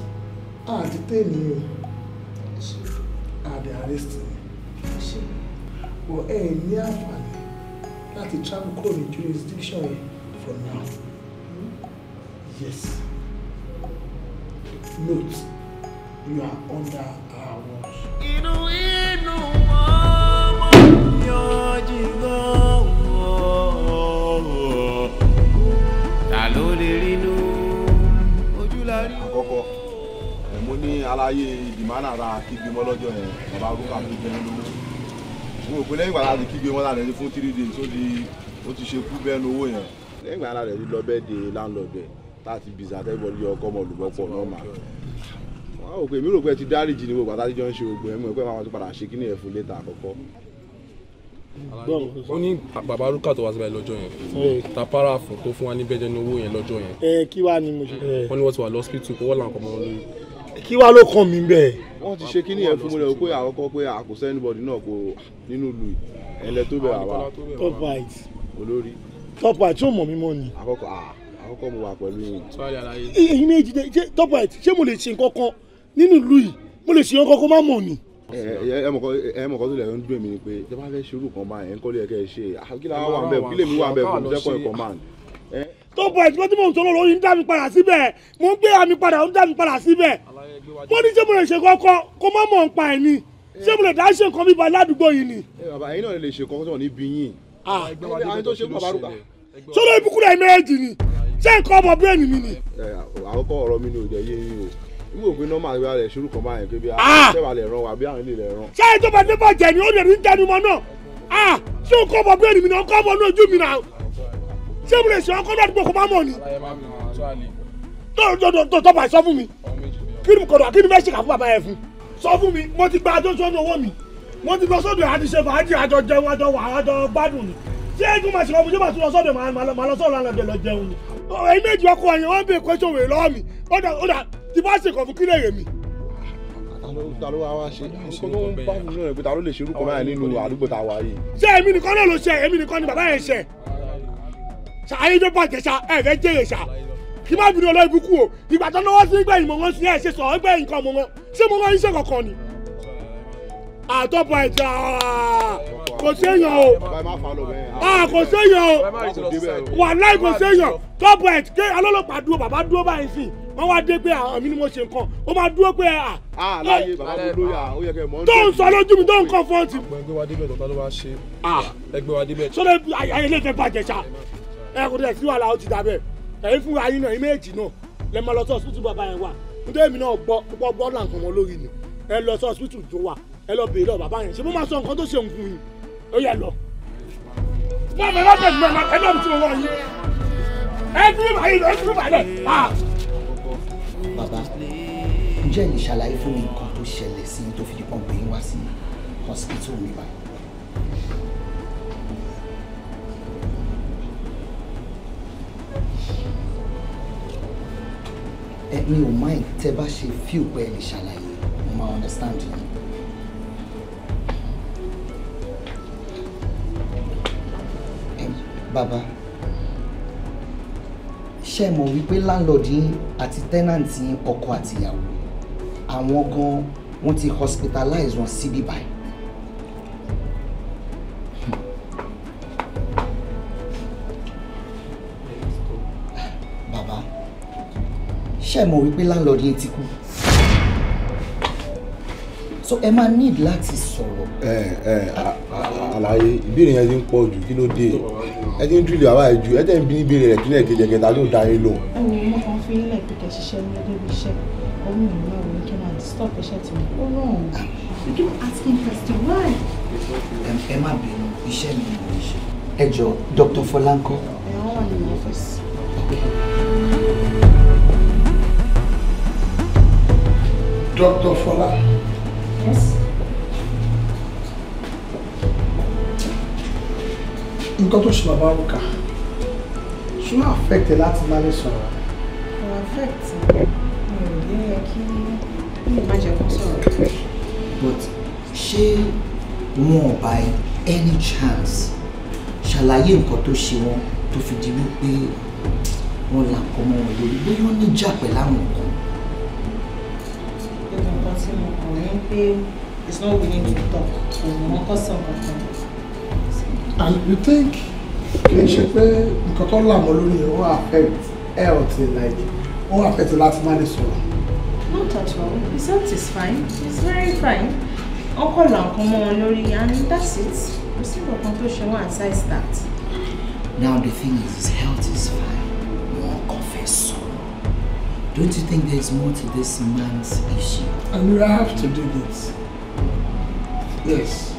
I detain you o a dey arrest yín o ẹ ní àǹfààní láti travel kúrò jurisdiction for now yes note you are under our watch. mo ní aláyé ìdìmánà ra kígbe mọ́ lọ́jọ́ yẹn bàbá rúkà tó jẹ́ lówó mo rò pé lẹ́yìn ìgbà láti kígbe mọ́ láti fún three days ó di ó ti ṣe kú bẹ́ẹ̀ lówó yẹn lẹ́yìn ìgbà láti lọ bẹ́ẹ̀ de landlord láti bìsà tẹ́gbọ́n lé ọkọ ọmọ olùbọ́pọ̀ náà mà wọ́n rò pé mi rò pé ti dáríjì ni gbogbo àtàlẹ́jọ́ ń ṣe ogun ó ní bàbá rúkà tó wá síbẹ̀ lọ́jọ́ yẹn eh. ta para fún tó fún wa ní bẹ́jẹ́ ní owó yẹn lọ́jọ́ yẹn. Eh, eh. wọ́n ní wọ́n ti wà lọ́sípítù kó wọ́n làwọn kọ́ lórí kí wàá ló kàn mí bẹ́ẹ̀. wọ́n ti ṣe kíní yẹn fún mi rẹ̀ pé àkọ́kọ́ pé àkóso anybody náà kò nínú ìlú ẹ̀lẹ́ tó bẹ̀ àwa top right olórí. top right tí mọ̀ mí mọ́ ni. àkọ́kọ́ àkọ́kọ́ mo wà pẹ̀lú yìí. èyí méjì dé top right ṣé mo lè ṣe nǹkan kan nínú ìlú yìí mo lè ṣe nǹkan kan má mọ̀ ni ẹ mọ̀kọ́ tó lẹ̀ ń dùn mí ni pé tí a bá fẹ́ ṣerú kan báyìí ẹ̀ ń kọ́lé ṣe kí tó bọ̀ ẹ̀dúró tí mò ń sọ̀rọ̀ lórí ń dá mi padà síbẹ̀ mò ń gbé àmì padà ń dá mi padà síbẹ̀ mo ní ṣé mo lè ṣe kọ́kọ́ kó má mọ̀ ń pa ẹ̀ ni ṣé mo lè dá ṣe nǹkan bíba ládùúgbò yìí ni. bàbá yín náà lè ṣe kọ́kọ́ sọ̀rọ̀ níbi yín. sọ́dọ̀ ibùkún rẹ̀ méjì ni ṣé nǹkan ọmọ bírèèni mi ni. àkọ́kọ́ ọ̀rọ̀ mi ni ò jẹ́ o mi ò gbé nọ́mbà ìwé alẹ̀ ṣòro kan báyẹn pé bí àtẹ̀wà ah! lè ràn wá bí àwọn ilé lè ràn. ṣé ìjọba débàjẹ́ ni ó lè rí ṣé mo lè ṣe ọkọ náà dúpọ̀ kó má mọ̀ ni. tó tó tó bá sọ fún mi kí ni kọ̀dọ̀ kí ni bẹ́ẹ̀ ṣe kà fún bàbá yẹn fún sọ fún mi mo ti gba ajọ́ sọ́dọ̀ owó mi mo ti lọ sọ́dọ̀ àdìsẹ́ fàájì àjọ jẹun àjọ wà àjọ gbádùn ni ṣé ẹgbẹ́ máa ṣe ọmọ ṣé máa tún lọ sọ́dọ̀ máa lọ sọ́dọ̀ alẹ́ lọ jẹun ni. ẹ̀yin méjì ọkọ yẹn wọ́n bèè kọ́ṣọ́ wèrè lọ́wọ́ mi ọ̀dà ọ̀dà ti bá ṣe kọ̀ọ̀fù kílẹ̀ rè mi. ta ló wá wá ṣe kó tó ń náà nínú àdúgbò tá a wà yìí. ṣé èmi nìkan náà ló ṣe èmi nìkan ni bàbá yẹn ṣe ṣàyè tó bàjẹ́ ṣá ẹ fẹ́ jèrè ṣá kí má bínú ọlọ́ ibùkún o ìgbà tó lọ́wọ́ sí gbẹ̀yìn mọ̀ wọ́n sí ẹ̀ ṣe sọ̀rọ̀ gbẹ̀yìn kan mọ̀ wọ́n ṣé mo wọ́n ń ṣe kankan ni. àtọ́pọ̀ ẹ̀jẹ̀ kò séèyàn o kò séèyàn o wàláì kò séèyàn tọ́pọ̀ ẹ̀ ké alọ́lọ́pàá dúró bàbá dúró báyìí sí wọ́n wá dé pé àmì ni mo ṣe nǹkan ó máa dúró pé à. tó ń sọ lójú mi tó ń kọ́ fọ́ọ̀tì. ẹgbẹ́ wa débẹ̀ tó ń bá ló wá ṣe. ẹgbẹ́ wa débẹ̀. sọlá ayẹyẹ lè fẹ́ bàjẹ́ sa ẹ kò tẹ̀ sí wàhálà ó ti dà bẹ́ẹ̀ ẹ̀yin fúnra yín náà ìméjì náà lẹ́ máa lọ sí ọ̀sìpìtì bàbá yẹn wà nítorí èmi náà gbọ́ gbọ́ gbọ́ là nǹkan wọn lórí ni ẹ lọ sí ọ̀sìpìtì tó wà ẹ lọ bèèrè lọ bàbá yẹn ṣé mo máa sọ nǹkan tó ṣe nǹkan yìí ó yẹ lọ. wọ́n mi lọ́tẹ̀ mi ẹ̀ lọ́ọ̀ tí mo wọ̀ yìí ẹ dúró báyìí ẹ dúró báyìí bàbá ǹjẹ́ ìṣàlàyé fún mi nǹkan tó ṣẹlẹ̀ sí tó fi di pọ́ǹpì yín wá sí hospital mi báyìí. ẹ mi ò mind tẹ bá ṣe fíò pé ẹ lè ṣàlàyé mo máa understand yín. bàbá ṣe mọ̀ wípé landlord yín àti tenant ọkọ àtìyàwó àwọn gan wọ́n ti hospitalize wọn síbí báyìí ṣe mọ̀ wípé landlord yẹn ti kú so ẹ máa need láti sọ̀rọ̀. ẹ ẹ àlàyé ìbéèrè yẹn ti ń pọ̀ jù kí ló dé ẹ ti ń dúró àwa ẹ ju ẹ tẹ̀ ń bí níbi rẹ̀ kílẹ̀ kejì ẹ̀kẹta ló da yín lọ. ẹ wo mo kàn fi ilẹ̀ ìpìtẹ̀ ṣiṣẹ́ ní ilé stop iṣẹ́ tí mo kó lóhùn keep asking question why. ẹ má bínú iṣẹ́ mi ni mo ṣe. ẹ jọ Dr. Fọláńkọ. ẹ wọ́n wà nínú ọ́fíìsì. Dr. Fola. Yes. Nǹkan tó ṣe bàbá Rúkà, ṣúná àfẹ́kẹ̀ láti má lè sọ̀rọ̀. Àwọn àfẹ́kẹ̀ mi ò ní ẹ kí ní má jẹ́ kó sọ̀rọ̀. But ṣé wọn by any chance ṣàlàyé nǹkan tó ṣe wọn tó fi di wípé wọn là kọ́ mọ́ wọn lórí bóyá wọ́n níjà pẹ̀láwọn nǹkan tí mo kàn ní not willing to talk kò mọ̀ kọ́ sàn and you think kì í ṣe pé nǹkan tó là mọ́ lórí ó affect health like ó affect láti má lè sọ̀rọ̀. not at all his health is fine he's very fine ọkọ là nǹkan mọ́ wọn lórí and that's it kò sí nǹkan tó ṣe wọn aside that. now the thing is his health is fine. Don't you think there's more to this man's issue? Amira, I have to do this. Yes.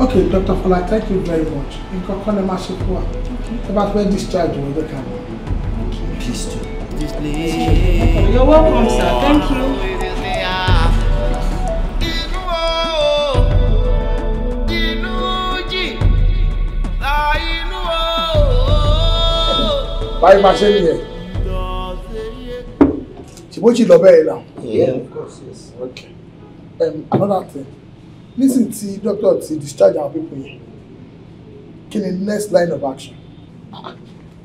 Okay, Dr. Fola, thank you very much. In can call Okay. About where discharge will they come? Okay. Please do. You're welcome, sir. Thank you. Bye, Marcellia ṣùgbọ́n lọ bẹ́ẹ̀ náà. yeah of course yes. okay. Um, another thing nísìn tí doctor ti discharge our people yẹn kí ni next line of action.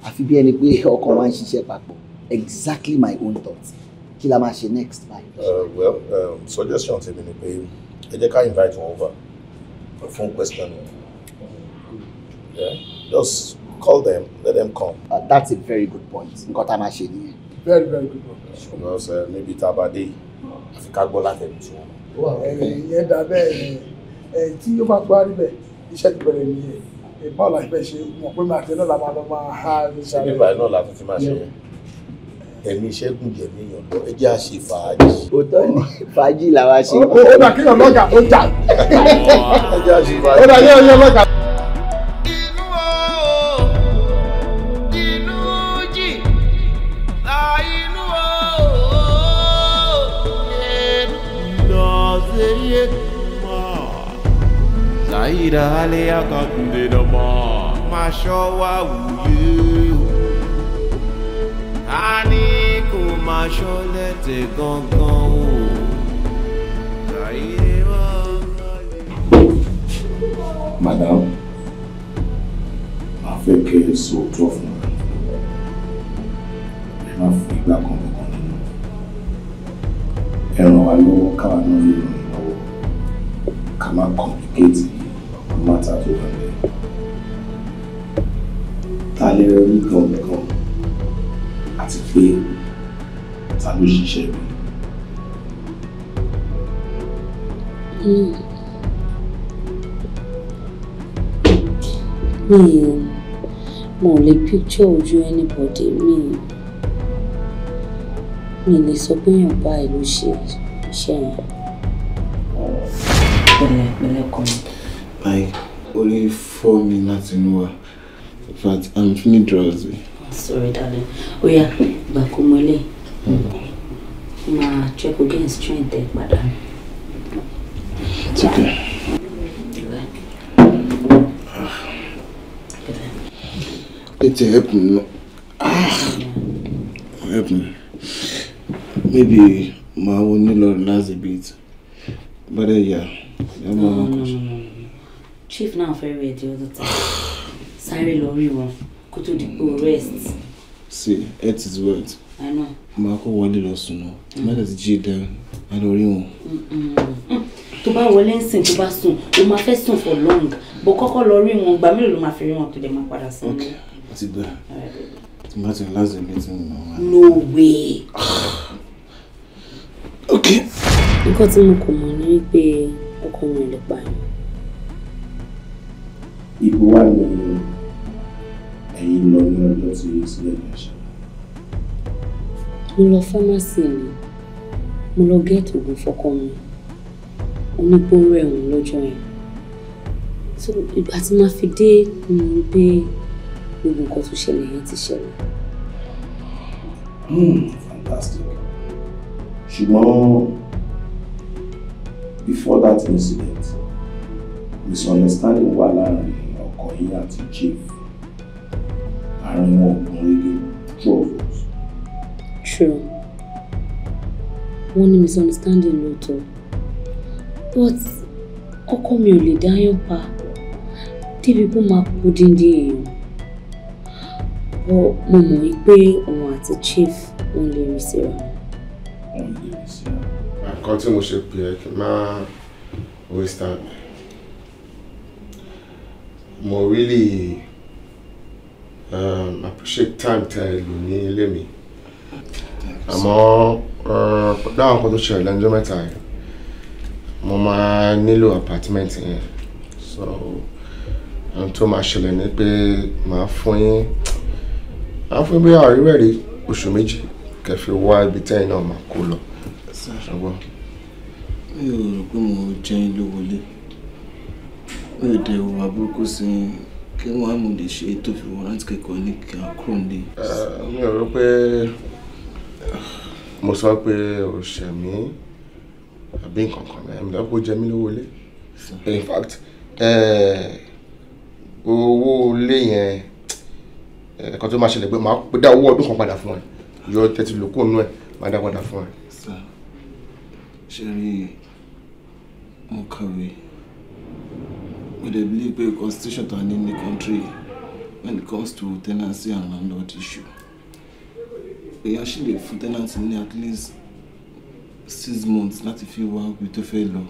àfi bí ẹni pé ọkàn wa ń ṣiṣẹ́ papọ̀ exactly my own thought kí la máa ṣe next báyìí. Uh, well um, suggestion tèmi ni pé ẹ jẹ́ ká invite wọn over fún question yeah? just call them let them come. Uh, that's a very good point nǹkan tá a máa ṣe nìyẹn very very good program. ṣùgbọ́n sẹ níbi tá a bá dé go ká gbọ́ látẹ̀mí sí wọn. ìyẹn dà bẹ́ẹ̀ ni tí ó bá parí bẹ̀ iṣẹ́ ti bẹ̀rẹ̀ nìyẹn ìbá ọ̀la ìbẹ̀ ṣe mọ̀ pé màá tẹ náà la máa lọ máa ha níṣà rẹ̀. nígbà náà la tún fi máa ṣe yẹn ẹ̀mí iṣẹ́ gùn jẹ̀ mí yàn lọ ẹ jẹ́ ṣe fàájì. òótọ́ ni fàájì làwa ṣe. ó dà kí yàn lọ́gà ó jà. ẹ jẹ́ ṣe fàájì. ó dà kí yàn Ida hale akande dama Ma showa wuye Ani ko ma shole te gangan o Madam, màá fẹ́ kẹ́ ẹ sọ òótọ́ fún mi. Ẹ má fún ìgbà kan kankan nínú. Ẹ ràn wá lọ́wọ́ káwa náà lè ràn yín lọ́wọ́. Ká má complicate matter tó wà Ta lè rí gangan àti pé ta ló ṣiṣẹ́ mi. Mi ò mo lè picture ojú anybody mi mi lè sọ pé èèyàn báyìí ló ṣe iṣẹ́ yẹn. Pẹ̀lẹ́ pẹ̀lẹ́ kọ́ni like only four minutes in war, but i'm feeling drowsy. sorry darling oya gbà kó mọ ilé máa check again strength ẹ eh, padà. it's okay. It help me. Ah, help me. Maybe my will need to a bit. But uh, yeah, I'm no, no, no, no chief náà fẹ́ rẹ̀ di ọdún tí sáré lọ rí wọn kó tó di pé o rest. see health is wealth. i know. màá kó wọlé lọ sùn náà mẹ́ta ti jí dá a lọ rí wọn. tó bá wọlé ń sìn tó bá sùn o máa fẹ́ sùn for long bó kọ́kọ́ lọ rí wọn gbà mélòó ló máa fi rí wọn tó dẹ̀ máa padà sí. ok àti gbà tí mo bá ti last day meeting mi máa no way. ok. nǹkan tí mo kò mọ̀ ni wípé ọkọ mi ò lè pààyàn ibo wà ní ẹ̀yìn lọ ní ọjọ́ tí sílẹ̀ ní ẹ̀ṣẹ̀. mo lọ fámásì ni mo lọ gẹ́ẹ̀tì oògùn fọkọ mi onígbó rẹ̀ òun lọ́jọ́ yẹn so ìgbà tí máa fi dé mo pé gbogbo nǹkan tó ṣẹlẹ̀ yẹn ti ṣẹlẹ̀. Hmm, fantastic ṣùgbọ́n before that incident misunderstanding wà láàrin Ọ̀yìn àti Chief àárín wọn ògùn rege true of us. true wọ́n ní misunderstanding lóòótọ́ but ọkọ mi ò lè dáyàn pa débi kó máa kú díndín èèyàn mo mọ̀ wípé òun àti Chief wọ́n lè rí síra. wọ́n lè rí síra. àkọ́ tí mo ṣe pè é kí n má waste time mo really um, appreciate time tẹ lò ní ilé mi àmọ́ dáhùn uh, kan tó ṣẹlẹ̀ lẹ́nu mẹ́ta yìí mo máa nílò apartment yẹn so ohun tó máa ṣẹlẹ̀ ni pé màá fún yín màá fún yín bí àríwẹ̀rí oṣù méjì kẹfì wá ibi tẹ́yìn náà máa kó lọ. mi ò rò pé mo jẹ́ ilé wọlé èdè ìwà burúkú sí kí wọ́n á mú lè ṣe tó fi wọ́n láti kẹ́kọ̀ọ́ ní kí á kúrò ní. Eh, mi ò rò pé mo sọ pé o ṣẹ̀ mí àbí nǹkan kan náà ìmìlẹ̀ kó jẹ mí lówó lé in fact eh, owó lé yẹn ẹ̀kan eh, tó máa ṣẹlẹ̀ pé máa dá owó ọdún kan padà fún ẹ yọ tẹ̀tí lókù nù ẹ máa dá padà fún ẹ. ṣe rí mo kàwé we dey believe pé constitution ta ní ní country when it comes to tenancy and landlord issue We actually lè full tenancy ní at least six months láti fi wá ibi tó fẹ́ lọ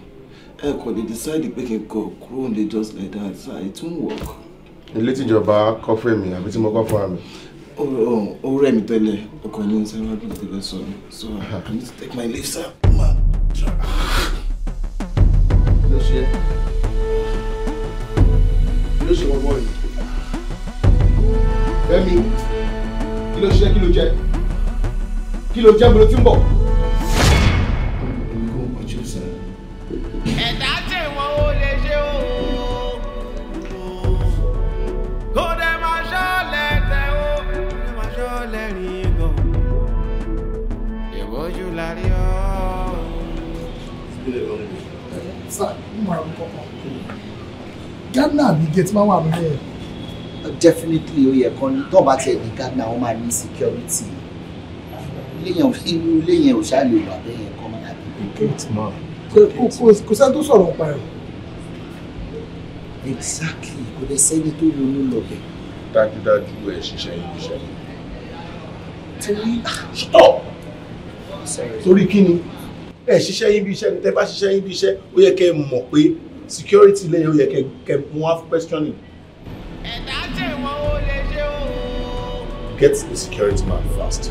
ẹ kò lè decide pé kí n kọ kúrò nílé just like that so it won't work. ilé tìjọba kọ́ fún èmi àbí tí mo kọ́ fún àmì. ó rẹ̀ mí tẹ́lẹ̀ ọkọ̀ ní sẹ́wọ́n bí mo ti fẹ́ sọ ni so I need to take my leave sir. Ma, tra kí ló ṣe wọ́n bọ́ọ̀lù fẹ́mi kí ló ṣiṣẹ́ kí ló jẹ kí ló jẹ́ bolo tí ń bọ̀. ẹ̀dá tí wọ́n ó lè ṣe o kó dẹ̀ máa ṣọ́ọ̀lẹ̀ tẹ̀ o kó dẹ̀ máa ṣọ́ọ̀lẹ̀ rìn gan ìwọ́jú la rí ọ́. sílẹ̀ lọ́nà. Ghana ni gate máa wà lórí ẹ̀. definitely ó yẹ kan tó bá tiẹ̀ ní Ghana wọ́n máa ní security inú ilé yẹn ò ṣáàlè wà bẹ́ẹ̀ yẹn kọ́ máa bí. gate man. kò sẹ́ni tó sọ̀rọ̀ pa ẹ̀. exactly kò dẹ̀ sẹ́ni tó ronú lọ bẹ̀. dájúdájú ẹ ṣiṣẹ́ ibi iṣẹ́ mi. torí ṣùtọ̀ ah, torí kí ni ẹ ṣiṣẹ́ ibi iṣẹ́ ni bá ṣiṣẹ́ ibi iṣẹ́ ó yẹ kẹ́ ẹ mọ̀ pé security lẹ́yìn ó kẹ mú wá fún questioning. ẹ̀dá tẹ̀ wọ́n ó lè ṣe o. get the security man fast.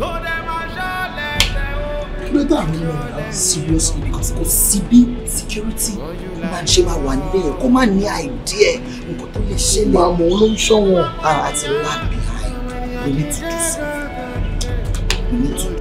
kó dẹ̀ máa ṣọ́ọ̀lẹ̀ tẹ̀ o. kí ló dé àwọn ọmọ ìlànà seriously because kò sí bí security máa ṣe máa wà nílé kó má ní idea nǹkan tó lè ṣẹlẹ̀. màmú ló ń ṣọ́ wọn. Ah, lag behind we need to do something we need to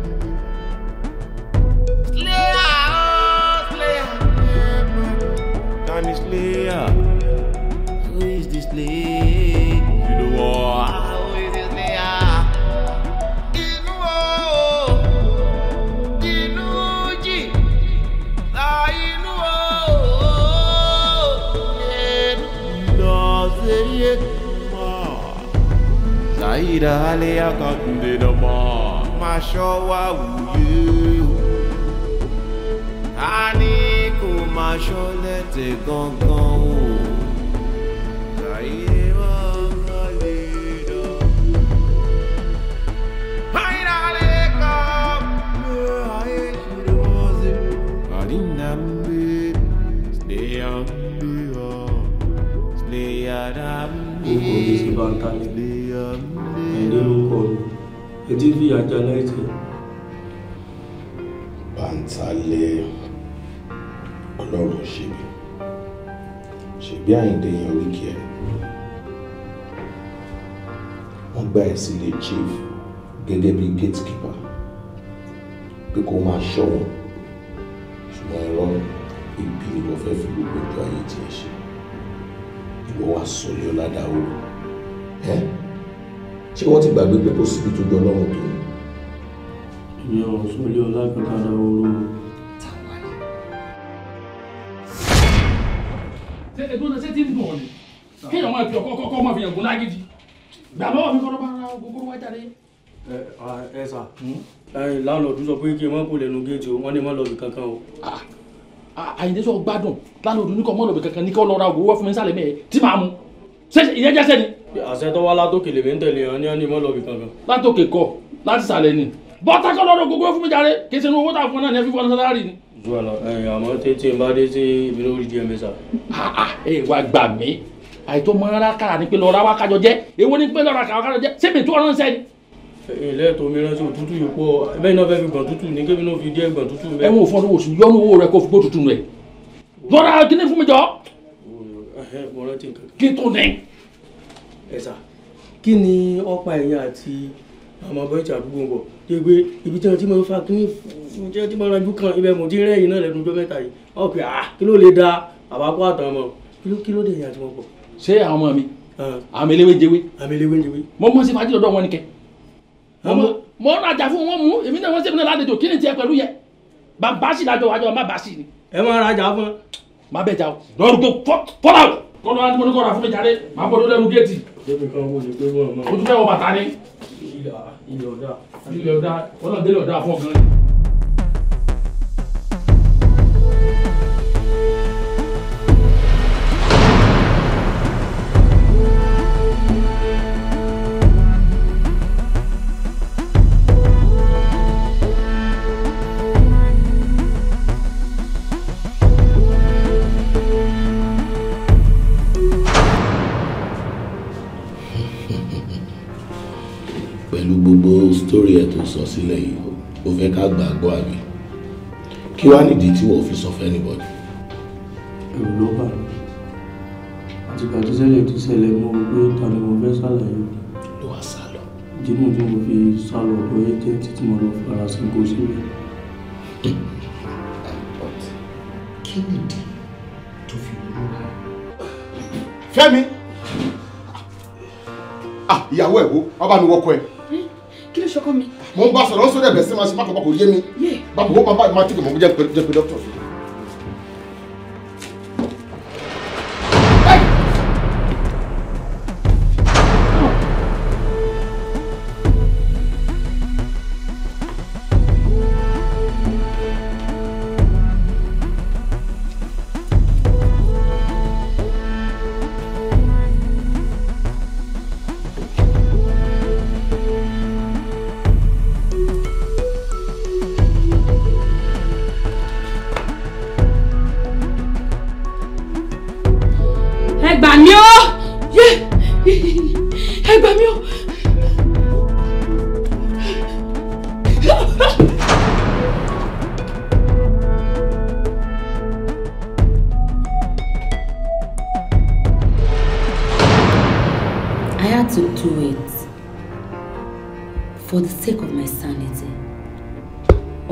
da hale a da ma ma sho wa wuye a má sọ lẹ́tẹ̀ gangan o ṣàyè máa ń kálé lọ. Àyìnlá lè kọ́ pé ayé ṣòro mọ́ sí. Àdínà ń gbé Sìlẹ̀yà ń gbé ọ́ ètí fìyà jẹná ètè. bàǹtálẹ̀ ọlọ́run ṣèbí ṣèbí àyíndé yẹn oríkì ẹ̀ wọ́n gba ẹ̀ sílé chief gẹ́gẹ́ bí gatekeeper pé kó máa ṣọ́ wọn ṣùgbọ́n irọ́ ibi ni wọ́n fẹ́ fi gbogbo ọjọ́ ayé tiẹ̀ ṣe ìwọ wá sọ ní ọ̀làdàwọ̀ ẹ́. Eh? ṣé wọ́n ti gbàgbé pé kò síbi tó jọ ọlọ́run tó ní. ìyá ọ̀sùn ilé ọlá kankan dá oró. ẹgbẹ́ ọ̀nà ṣé tí ń dùn ọ̀nì kéèyàn máa fi ọkọ kọ́kọ́ máa fi yàgùn lágídí gbà lọ́wọ́ mi kọ́ lọ́ba ara ogun kó wájà rẹ̀. ẹ sà láńlọ́ọ̀dù sọ pé kí n má kó lẹ́nu géètì o wọ́n ní má lọ́ọ̀bì kankan o àyìndé sọ gbádùn láńlọ́ọ̀dù ní kọ́ mọ́ lọ́ọ̀bì kankan ní kọ́ lọ́ra ogun wọ́n fún mi sálẹ̀ mẹ́ẹ̀ẹ́ tí màá mu ìyẹn jẹ́ sẹ́ni àṣẹ tó wá látòkè lèmi ń tẹ̀lé yẹn ní ẹni mọ́ lọ́ọ̀bì kankan. látòkè kọ láti sàlẹ̀ ni bọ́tà kọ́ lọ́dọ̀ gbogbo fún mi jáde kì í ṣe owó tà fún ọ náà ní ẹ fi fọ́n sálárì ni. zuwa la ẹ àmọ́ tètè n bá dé sí ibi lórí díẹ̀ mẹ́sà. ẹ wá gbà mí àìtó mọ ara kára ni pé lọ́ra wa kájọ jẹ́ èwo ni pé lọ́ra kájọ jẹ́ sẹ́mi tó ọ̀rán sẹ́ni. ilé ètò mi rántí òtútù yìí pọ̀ bẹ́ẹ̀ náà fẹ́ fi gbọ̀n tútù ní kébí náà fi díẹ̀ gbọ̀n tútù bẹ́ẹ̀. ẹ wo fọdún oṣù yọnu owó rẹ kó fi gbó tútù rẹ lọ́ra kíní fún mi jọ. mo rántí nǹkan. kí tó ní ẹ kí ni ọ̀pá ẹ̀yìn àti àwọn ọmọ ìjà àdúgbò ń bọ̀ ṣe ibi tí wọ́n ti máa ń fa kíní jẹ́ tí máa ń rajú kan ibẹ̀ mò ń rẹ́yìn náà lẹ́nu ọjọ́ mẹ́ta yìí ọ̀pẹ̀ à ah, kí ló lè da àbákọ́ àtàwọn ọmọ kí ló dé ìyá tí wọ́n pọ̀. ṣé àwọn ọmọ mi àmì eléwé jewé àmì eléwé jewé mo mọ sí fàájì lọ́dọ̀ wọn ni kẹ mo rajà fún wọn mú èmi náà wọn sẹbi náà ládejò kí ni tiẹ̀ pẹ̀lú yẹ kọ́ lọ́wọ́ tí mo ní kọ́ ra fún mi jáde màá bọ́ lórí ẹnu géètì. débi kan mo lè pé bọ́ọ̀ náà. o tún fẹ́ wọ bàtà ni. ilẹ̀ ọ̀dà ilẹ̀ ọ̀dà ọlọ́dẹ ilẹ̀ ọ̀dà fún ọ gan gbogbo sítórì ẹ̀ tó sọ sílẹ̀ yìí o fẹ́ ká gbàgbọ́ àbí kí wàá nìdí tí wọ́n fi sọ fẹ́ anybody. ẹ̀rù ló bà mí àtìgbà tó ṣẹlẹ̀ tó ṣẹlẹ̀ mọ́ o pé ta ni mo fẹ́ ṣàlàyé. ló wá sá lọ. jimmy tí mo fi sá lọ lóye jẹ́ títí mo lọ fara sí kó sílẹ̀. kí nìdí tó fi rúra. fẹ́mi ah, ìyàwó ẹ̀ wo ọba mi wọkọ ẹ̀ kí ló ṣọkọ mi. mo ń bá sọ̀rọ̀ ó sọ̀rọ̀ ẹ̀bẹ̀ sí ma ṣe pápákọ̀ kò yé mi bàbá wo bàbá máa tẹ̀kẹ̀ mọ́ jẹ́ pé dókítà fún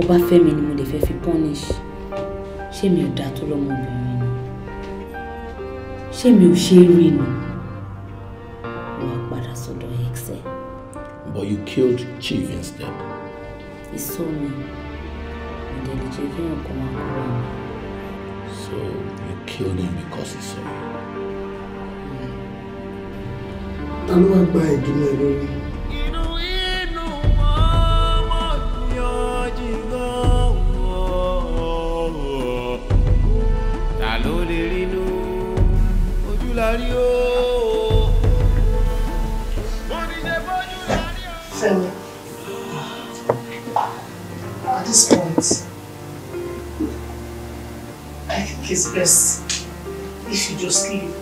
ọba fẹ́mi ni mo lè fẹ́ fi punish ṣé mi ò dáa tó lọ́mọbìnrin ni ṣé mi ò ṣe é rí ni wọ́n padà sọ́dọ̀ ẹ̀xẹ̀. But you killed Chief instead. ìsọ mi ìdẹ̀lẹ̀ jẹ́ kí wọ́n máa kúrò mi. So you killed him because he saw you. Hmm. ta ló wá gba ìdùnnú ẹ lórí. his best if you just leave.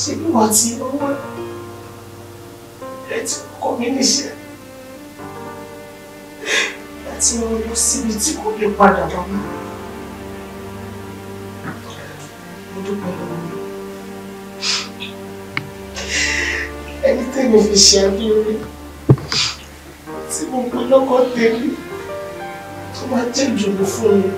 Ṣé bí wọ́n ti owó ẹ ti kọ́ mí níṣẹ́? Ẹ ti rán lọ síbi tí kò lè padà wá mọ́. Mo dúpẹ́ lọ́wọ́ mi. Ẹni tẹ́mi fi ṣe àbí orí tí mo pín lọ́kọ̀ tèmi máa jẹ́ ìdùnnú fún mi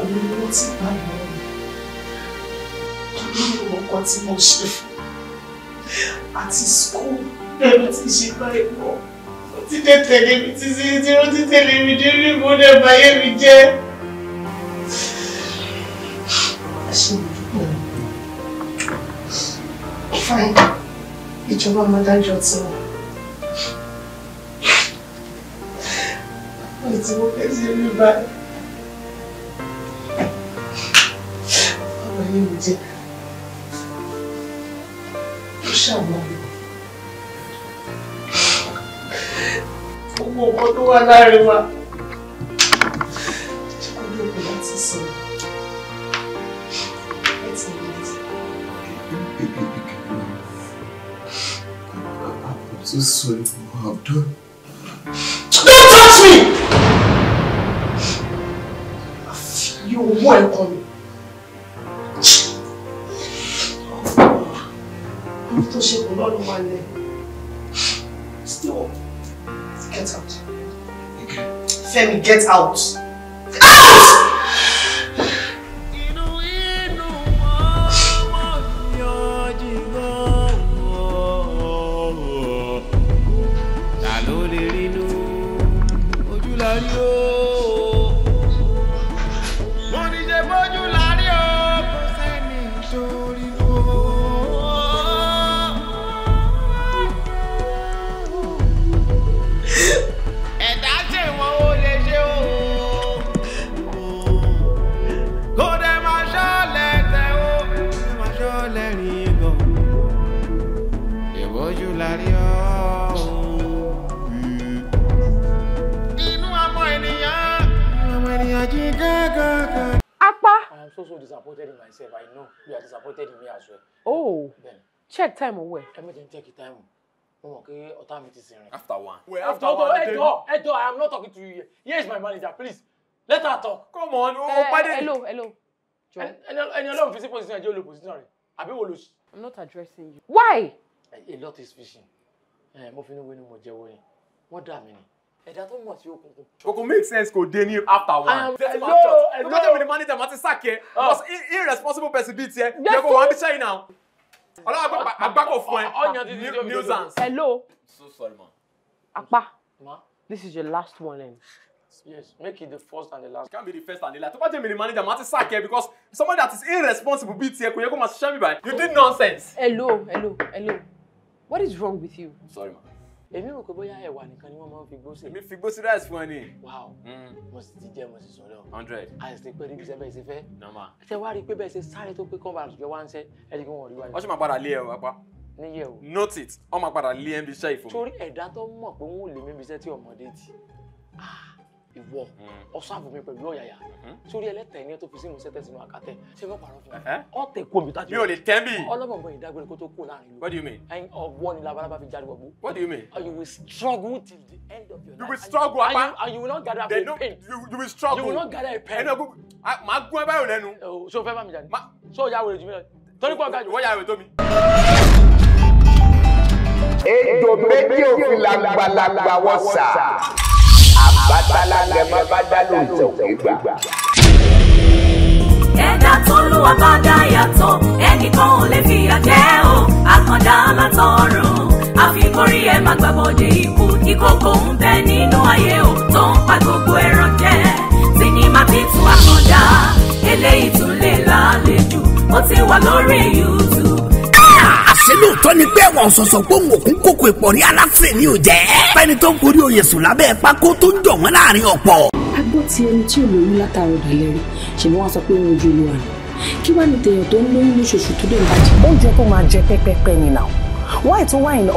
òun ni wọ́n ti bá lọ rẹ̀ nínú ọkọ tí mo ṣe àti skul ẹ̀rọ ti ṣe báyìí pọ̀ ti dé tẹ̀lé mi ti ṣe ti rán ti tẹ̀lé mi dé rí mo dẹ̀ báyé mi jẹ́ fine ìjọba máa dájọ́ tiwọn. tí mo fẹ́ ṣe rí báyìí. ọ̀rọ̀ yìí mo jẹ́ ó ṣàwọn gbogbo nǹkan tó wà láàrin wa I'm so sorry for what I've done. Don't touch me! ọwọ́ ẹ̀ kan mi. Ibi tó ṣe kù náà Still, get out. Femi, get out. appointed me as well. oh Then, check time owó ẹ. ẹ méjì ń check time mo okay. pé ọ̀tá mi ti sinrin. after one. Wait, after, after one ẹ jọ i am not talking to you here here is my manager please let her talk. come on o oh, eh, pàdé. hello hello. ẹni ọlọ́run fi sí position ẹ your olùposition rẹ̀ àbí wo lo ṣe. i'm not addressing you. why. Eh, a lot is fishing eh, mo fi ní wo ni mo jẹ́wọ́ yẹn wọ́n dà mí ni ẹ̀dá tó mọ̀ sí òkùnkùn. òkùnkùn make sense kò dé ní after one. hello hello ló jẹ́ mi ni manager ma ti sack ah. Because irresponsible person bíi tiẹ̀ yẹ kó wọ́n bí ṣẹ́yìn náà ọlọ́wọ́ àgbákò ah, fún ẹ ah, nuisance. hello. so sorry ma. apá this is your last one then. Yes, make it the first and the last. It can't be the first and the last. Tó bá jẹ́ mi ni manager, màá ti sack ẹ because somebody that is irresponsible bíi tiẹ̀ kò yẹ kó máa ṣiṣẹ́ mi báyìí. You did nonsense. Hello, hello, hello. What is wrong with you? sorry ma èmi rò pé bóyá ẹ̀wà nìkan ni wọ́n máa ń fi gbó sè. èmi fi gbó sí rice fún ẹ ni. wow mm. mo sì ti jẹ mo sì sọ̀rọ̀. hundred. àìsí pé níbi iṣẹ́ bẹ́ẹ̀ ṣe fẹ́. normal. ṣé wàá rí i pé bẹ́ẹ̀ ṣe sáré tó pé kán bá àtúnjọ wá ń ṣe ẹ jẹ́ kí wọ́n rí wáyé. wọ́n ṣe máa padà lé ẹ wá pa. níyẹ̀ o. note it wọ́n máa padà lé ẹ níbi iṣẹ́ ìfowó. torí ẹ̀dá tó mọ̀ pé wọ́n ò lè mí ibi iṣẹ́ tí ọmọdé ti. ah ìwọ ọsán hmm. àbùmí pẹ̀lú ọ̀yàyà hmm. sórí ẹlẹ́tẹ̀ ni ẹ tó fi sínú sẹ́tẹ̀ sínú ṣé mo parọ́ fún ọ tẹ kó mi tájú. mi ò lè tẹ́ mi. ọlọ́mọbọ ìdágbére kó tó kó láàrin ìlú. what do you mean. ẹyin ọwọ́ ni labalábá fi jáde wọ̀gbó. what do you mean. you will struggle till the end of your life. you will struggle apa. and you, will not gather up a pain. You, will struggle. you will not gather a pain. ẹnu gún ẹ báyò lẹ́nu. so oh, fẹ́ bá mi jáde. so yà wèrè jù mí lọ. torí pọ̀ ga wọ́n yà wèrè tó mi ejò méjì òfin làgbàlagbà wọ́sà bàtàlàgẹ̀mọ́ bá dá lóòótọ́ òkè gbà. ẹ̀dá tó lúwa bá dá yàtọ̀ ẹnìkan ò lè fìyà jẹ o àkàndá látọ̀run àfikórí ẹ̀ má gbàbọ̀dé ikú ìkókò ń bẹ nínú ayé o tó ń pa gbogbo ẹran jẹ sinimá ti tún àkàndá eléyìí tún lè lálejò ó ti wà lórí YouTube ṣé lóòótọ́ ni pé ẹ̀wà ọ̀sọ̀sọ̀ gbóhùn òkú kòkò ìpọ̀rí aláfẹ́ ni ò jẹ́. pẹ́ni tó ń gorí oyè sùn lábẹ́ pákó tó ń jọ̀ wọ́n láàrin ọ̀pọ̀. a gbọ́ ti ẹni tí olóyún látara ọ̀dà lẹ́rìí ṣùgbọ́n wọ́n sọ pé wọn ò jòló àná kí wàá ní tèèyàn tó ń lóyún lóṣooṣù tó dẹ̀ ń tó máa jẹ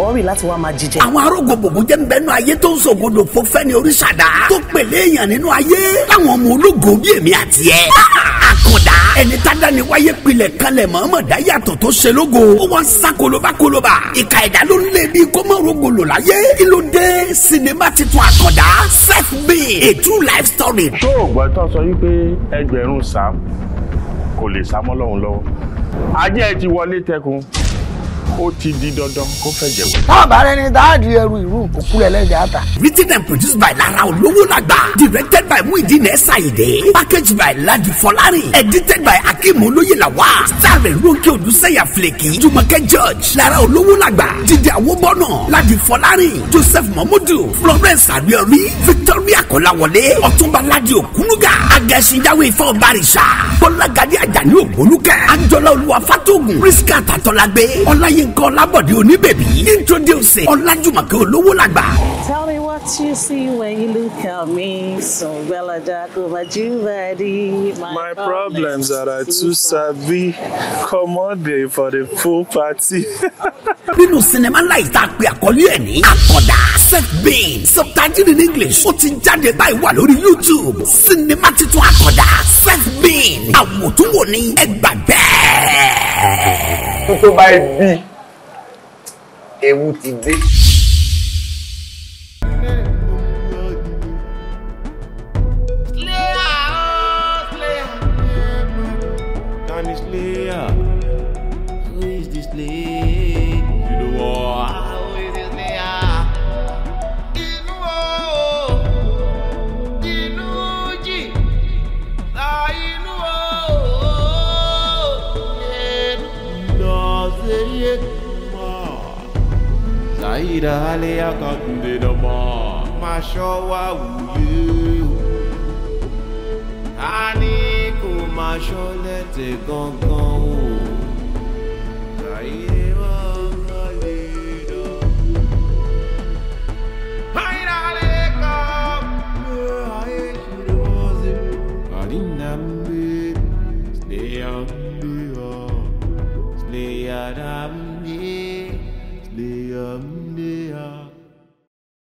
ọ̀rì láti wá máa jíjẹ. àwọn arógo bògúnjẹ ń bẹnu ayé tó ń sògodò fún fẹ́ni oríṣàdá tó pèlè èèyàn nínú ayé láwọn ọmọ ológo bí èmi àti ẹ ẹni tada ni wáyé pilẹ̀ kalẹ̀ mọ̀ọ́mọ̀ dá yàtọ̀ tó ṣe lógo ó wọ́n sá koloba koloba ìka ẹ̀dá ló ń lé bí kọ́mọ́rogo lò láyé kí ló dé sinimá titun àkọ́dá self made a true life story. tó o gbọ́ tó sọ wípé ẹgbẹ̀rún sàm kò lè sá mọ́ lọ́hùn lọ́wọ́ ajé ẹ ti wọlé tẹkùn ó ti di dandan kó fẹ́ jẹ̀wọ́. tábà rẹ ni dáàdì ẹrù ìlú òkúlẹ̀ lẹ́jẹ̀ àtà. written and produced by lara olówólàgbà directed by muhideen ẹsàyèdè packaged by ladi Folari, edited by akeem olóyèlàwà starring ronke olùsẹ̀yà fìlẹ̀kì jùmọ̀kẹ́ george lara olówólàgbà jíde àwòbọ̀nà ladi Folari, joseph Mamudu, florence ariori victoria kọ́láwọlé ọ̀túnba ladi òkúnúgà agẹ̀sìndáwé ifọ̀ barisa bọ́lágadé àjàní ògbólúkẹ́ àjọlá olúwa fatogun rísíkà tàtọ́lágbé ọlá Yínká Ọlábọ̀dé oníbèbí introducing Ọlájùmọ̀kẹ́ olówó làgbà. Tell me what you see when you look at me so Sunbella Dagobajubadi. My, my problems are I too sabi commode for the full party. nínú sinimá ńlá yìí tá a pè àkọlé ẹ̀ ní àkọ́dà seth bain subtitled in english ó ti jáde báyìí wà lórí youtube sinimá titun àkọ́dà seth bain àwòtúnwò ni ẹgbàá bẹ́ẹ̀ tó tó bá bí ewu ti dé. ira hale akande no ma ma sho wa ani ko ma sho lete gangan o zaire wa ngale do haira hale ka hae shuru mozi arinambe sneya sneya ram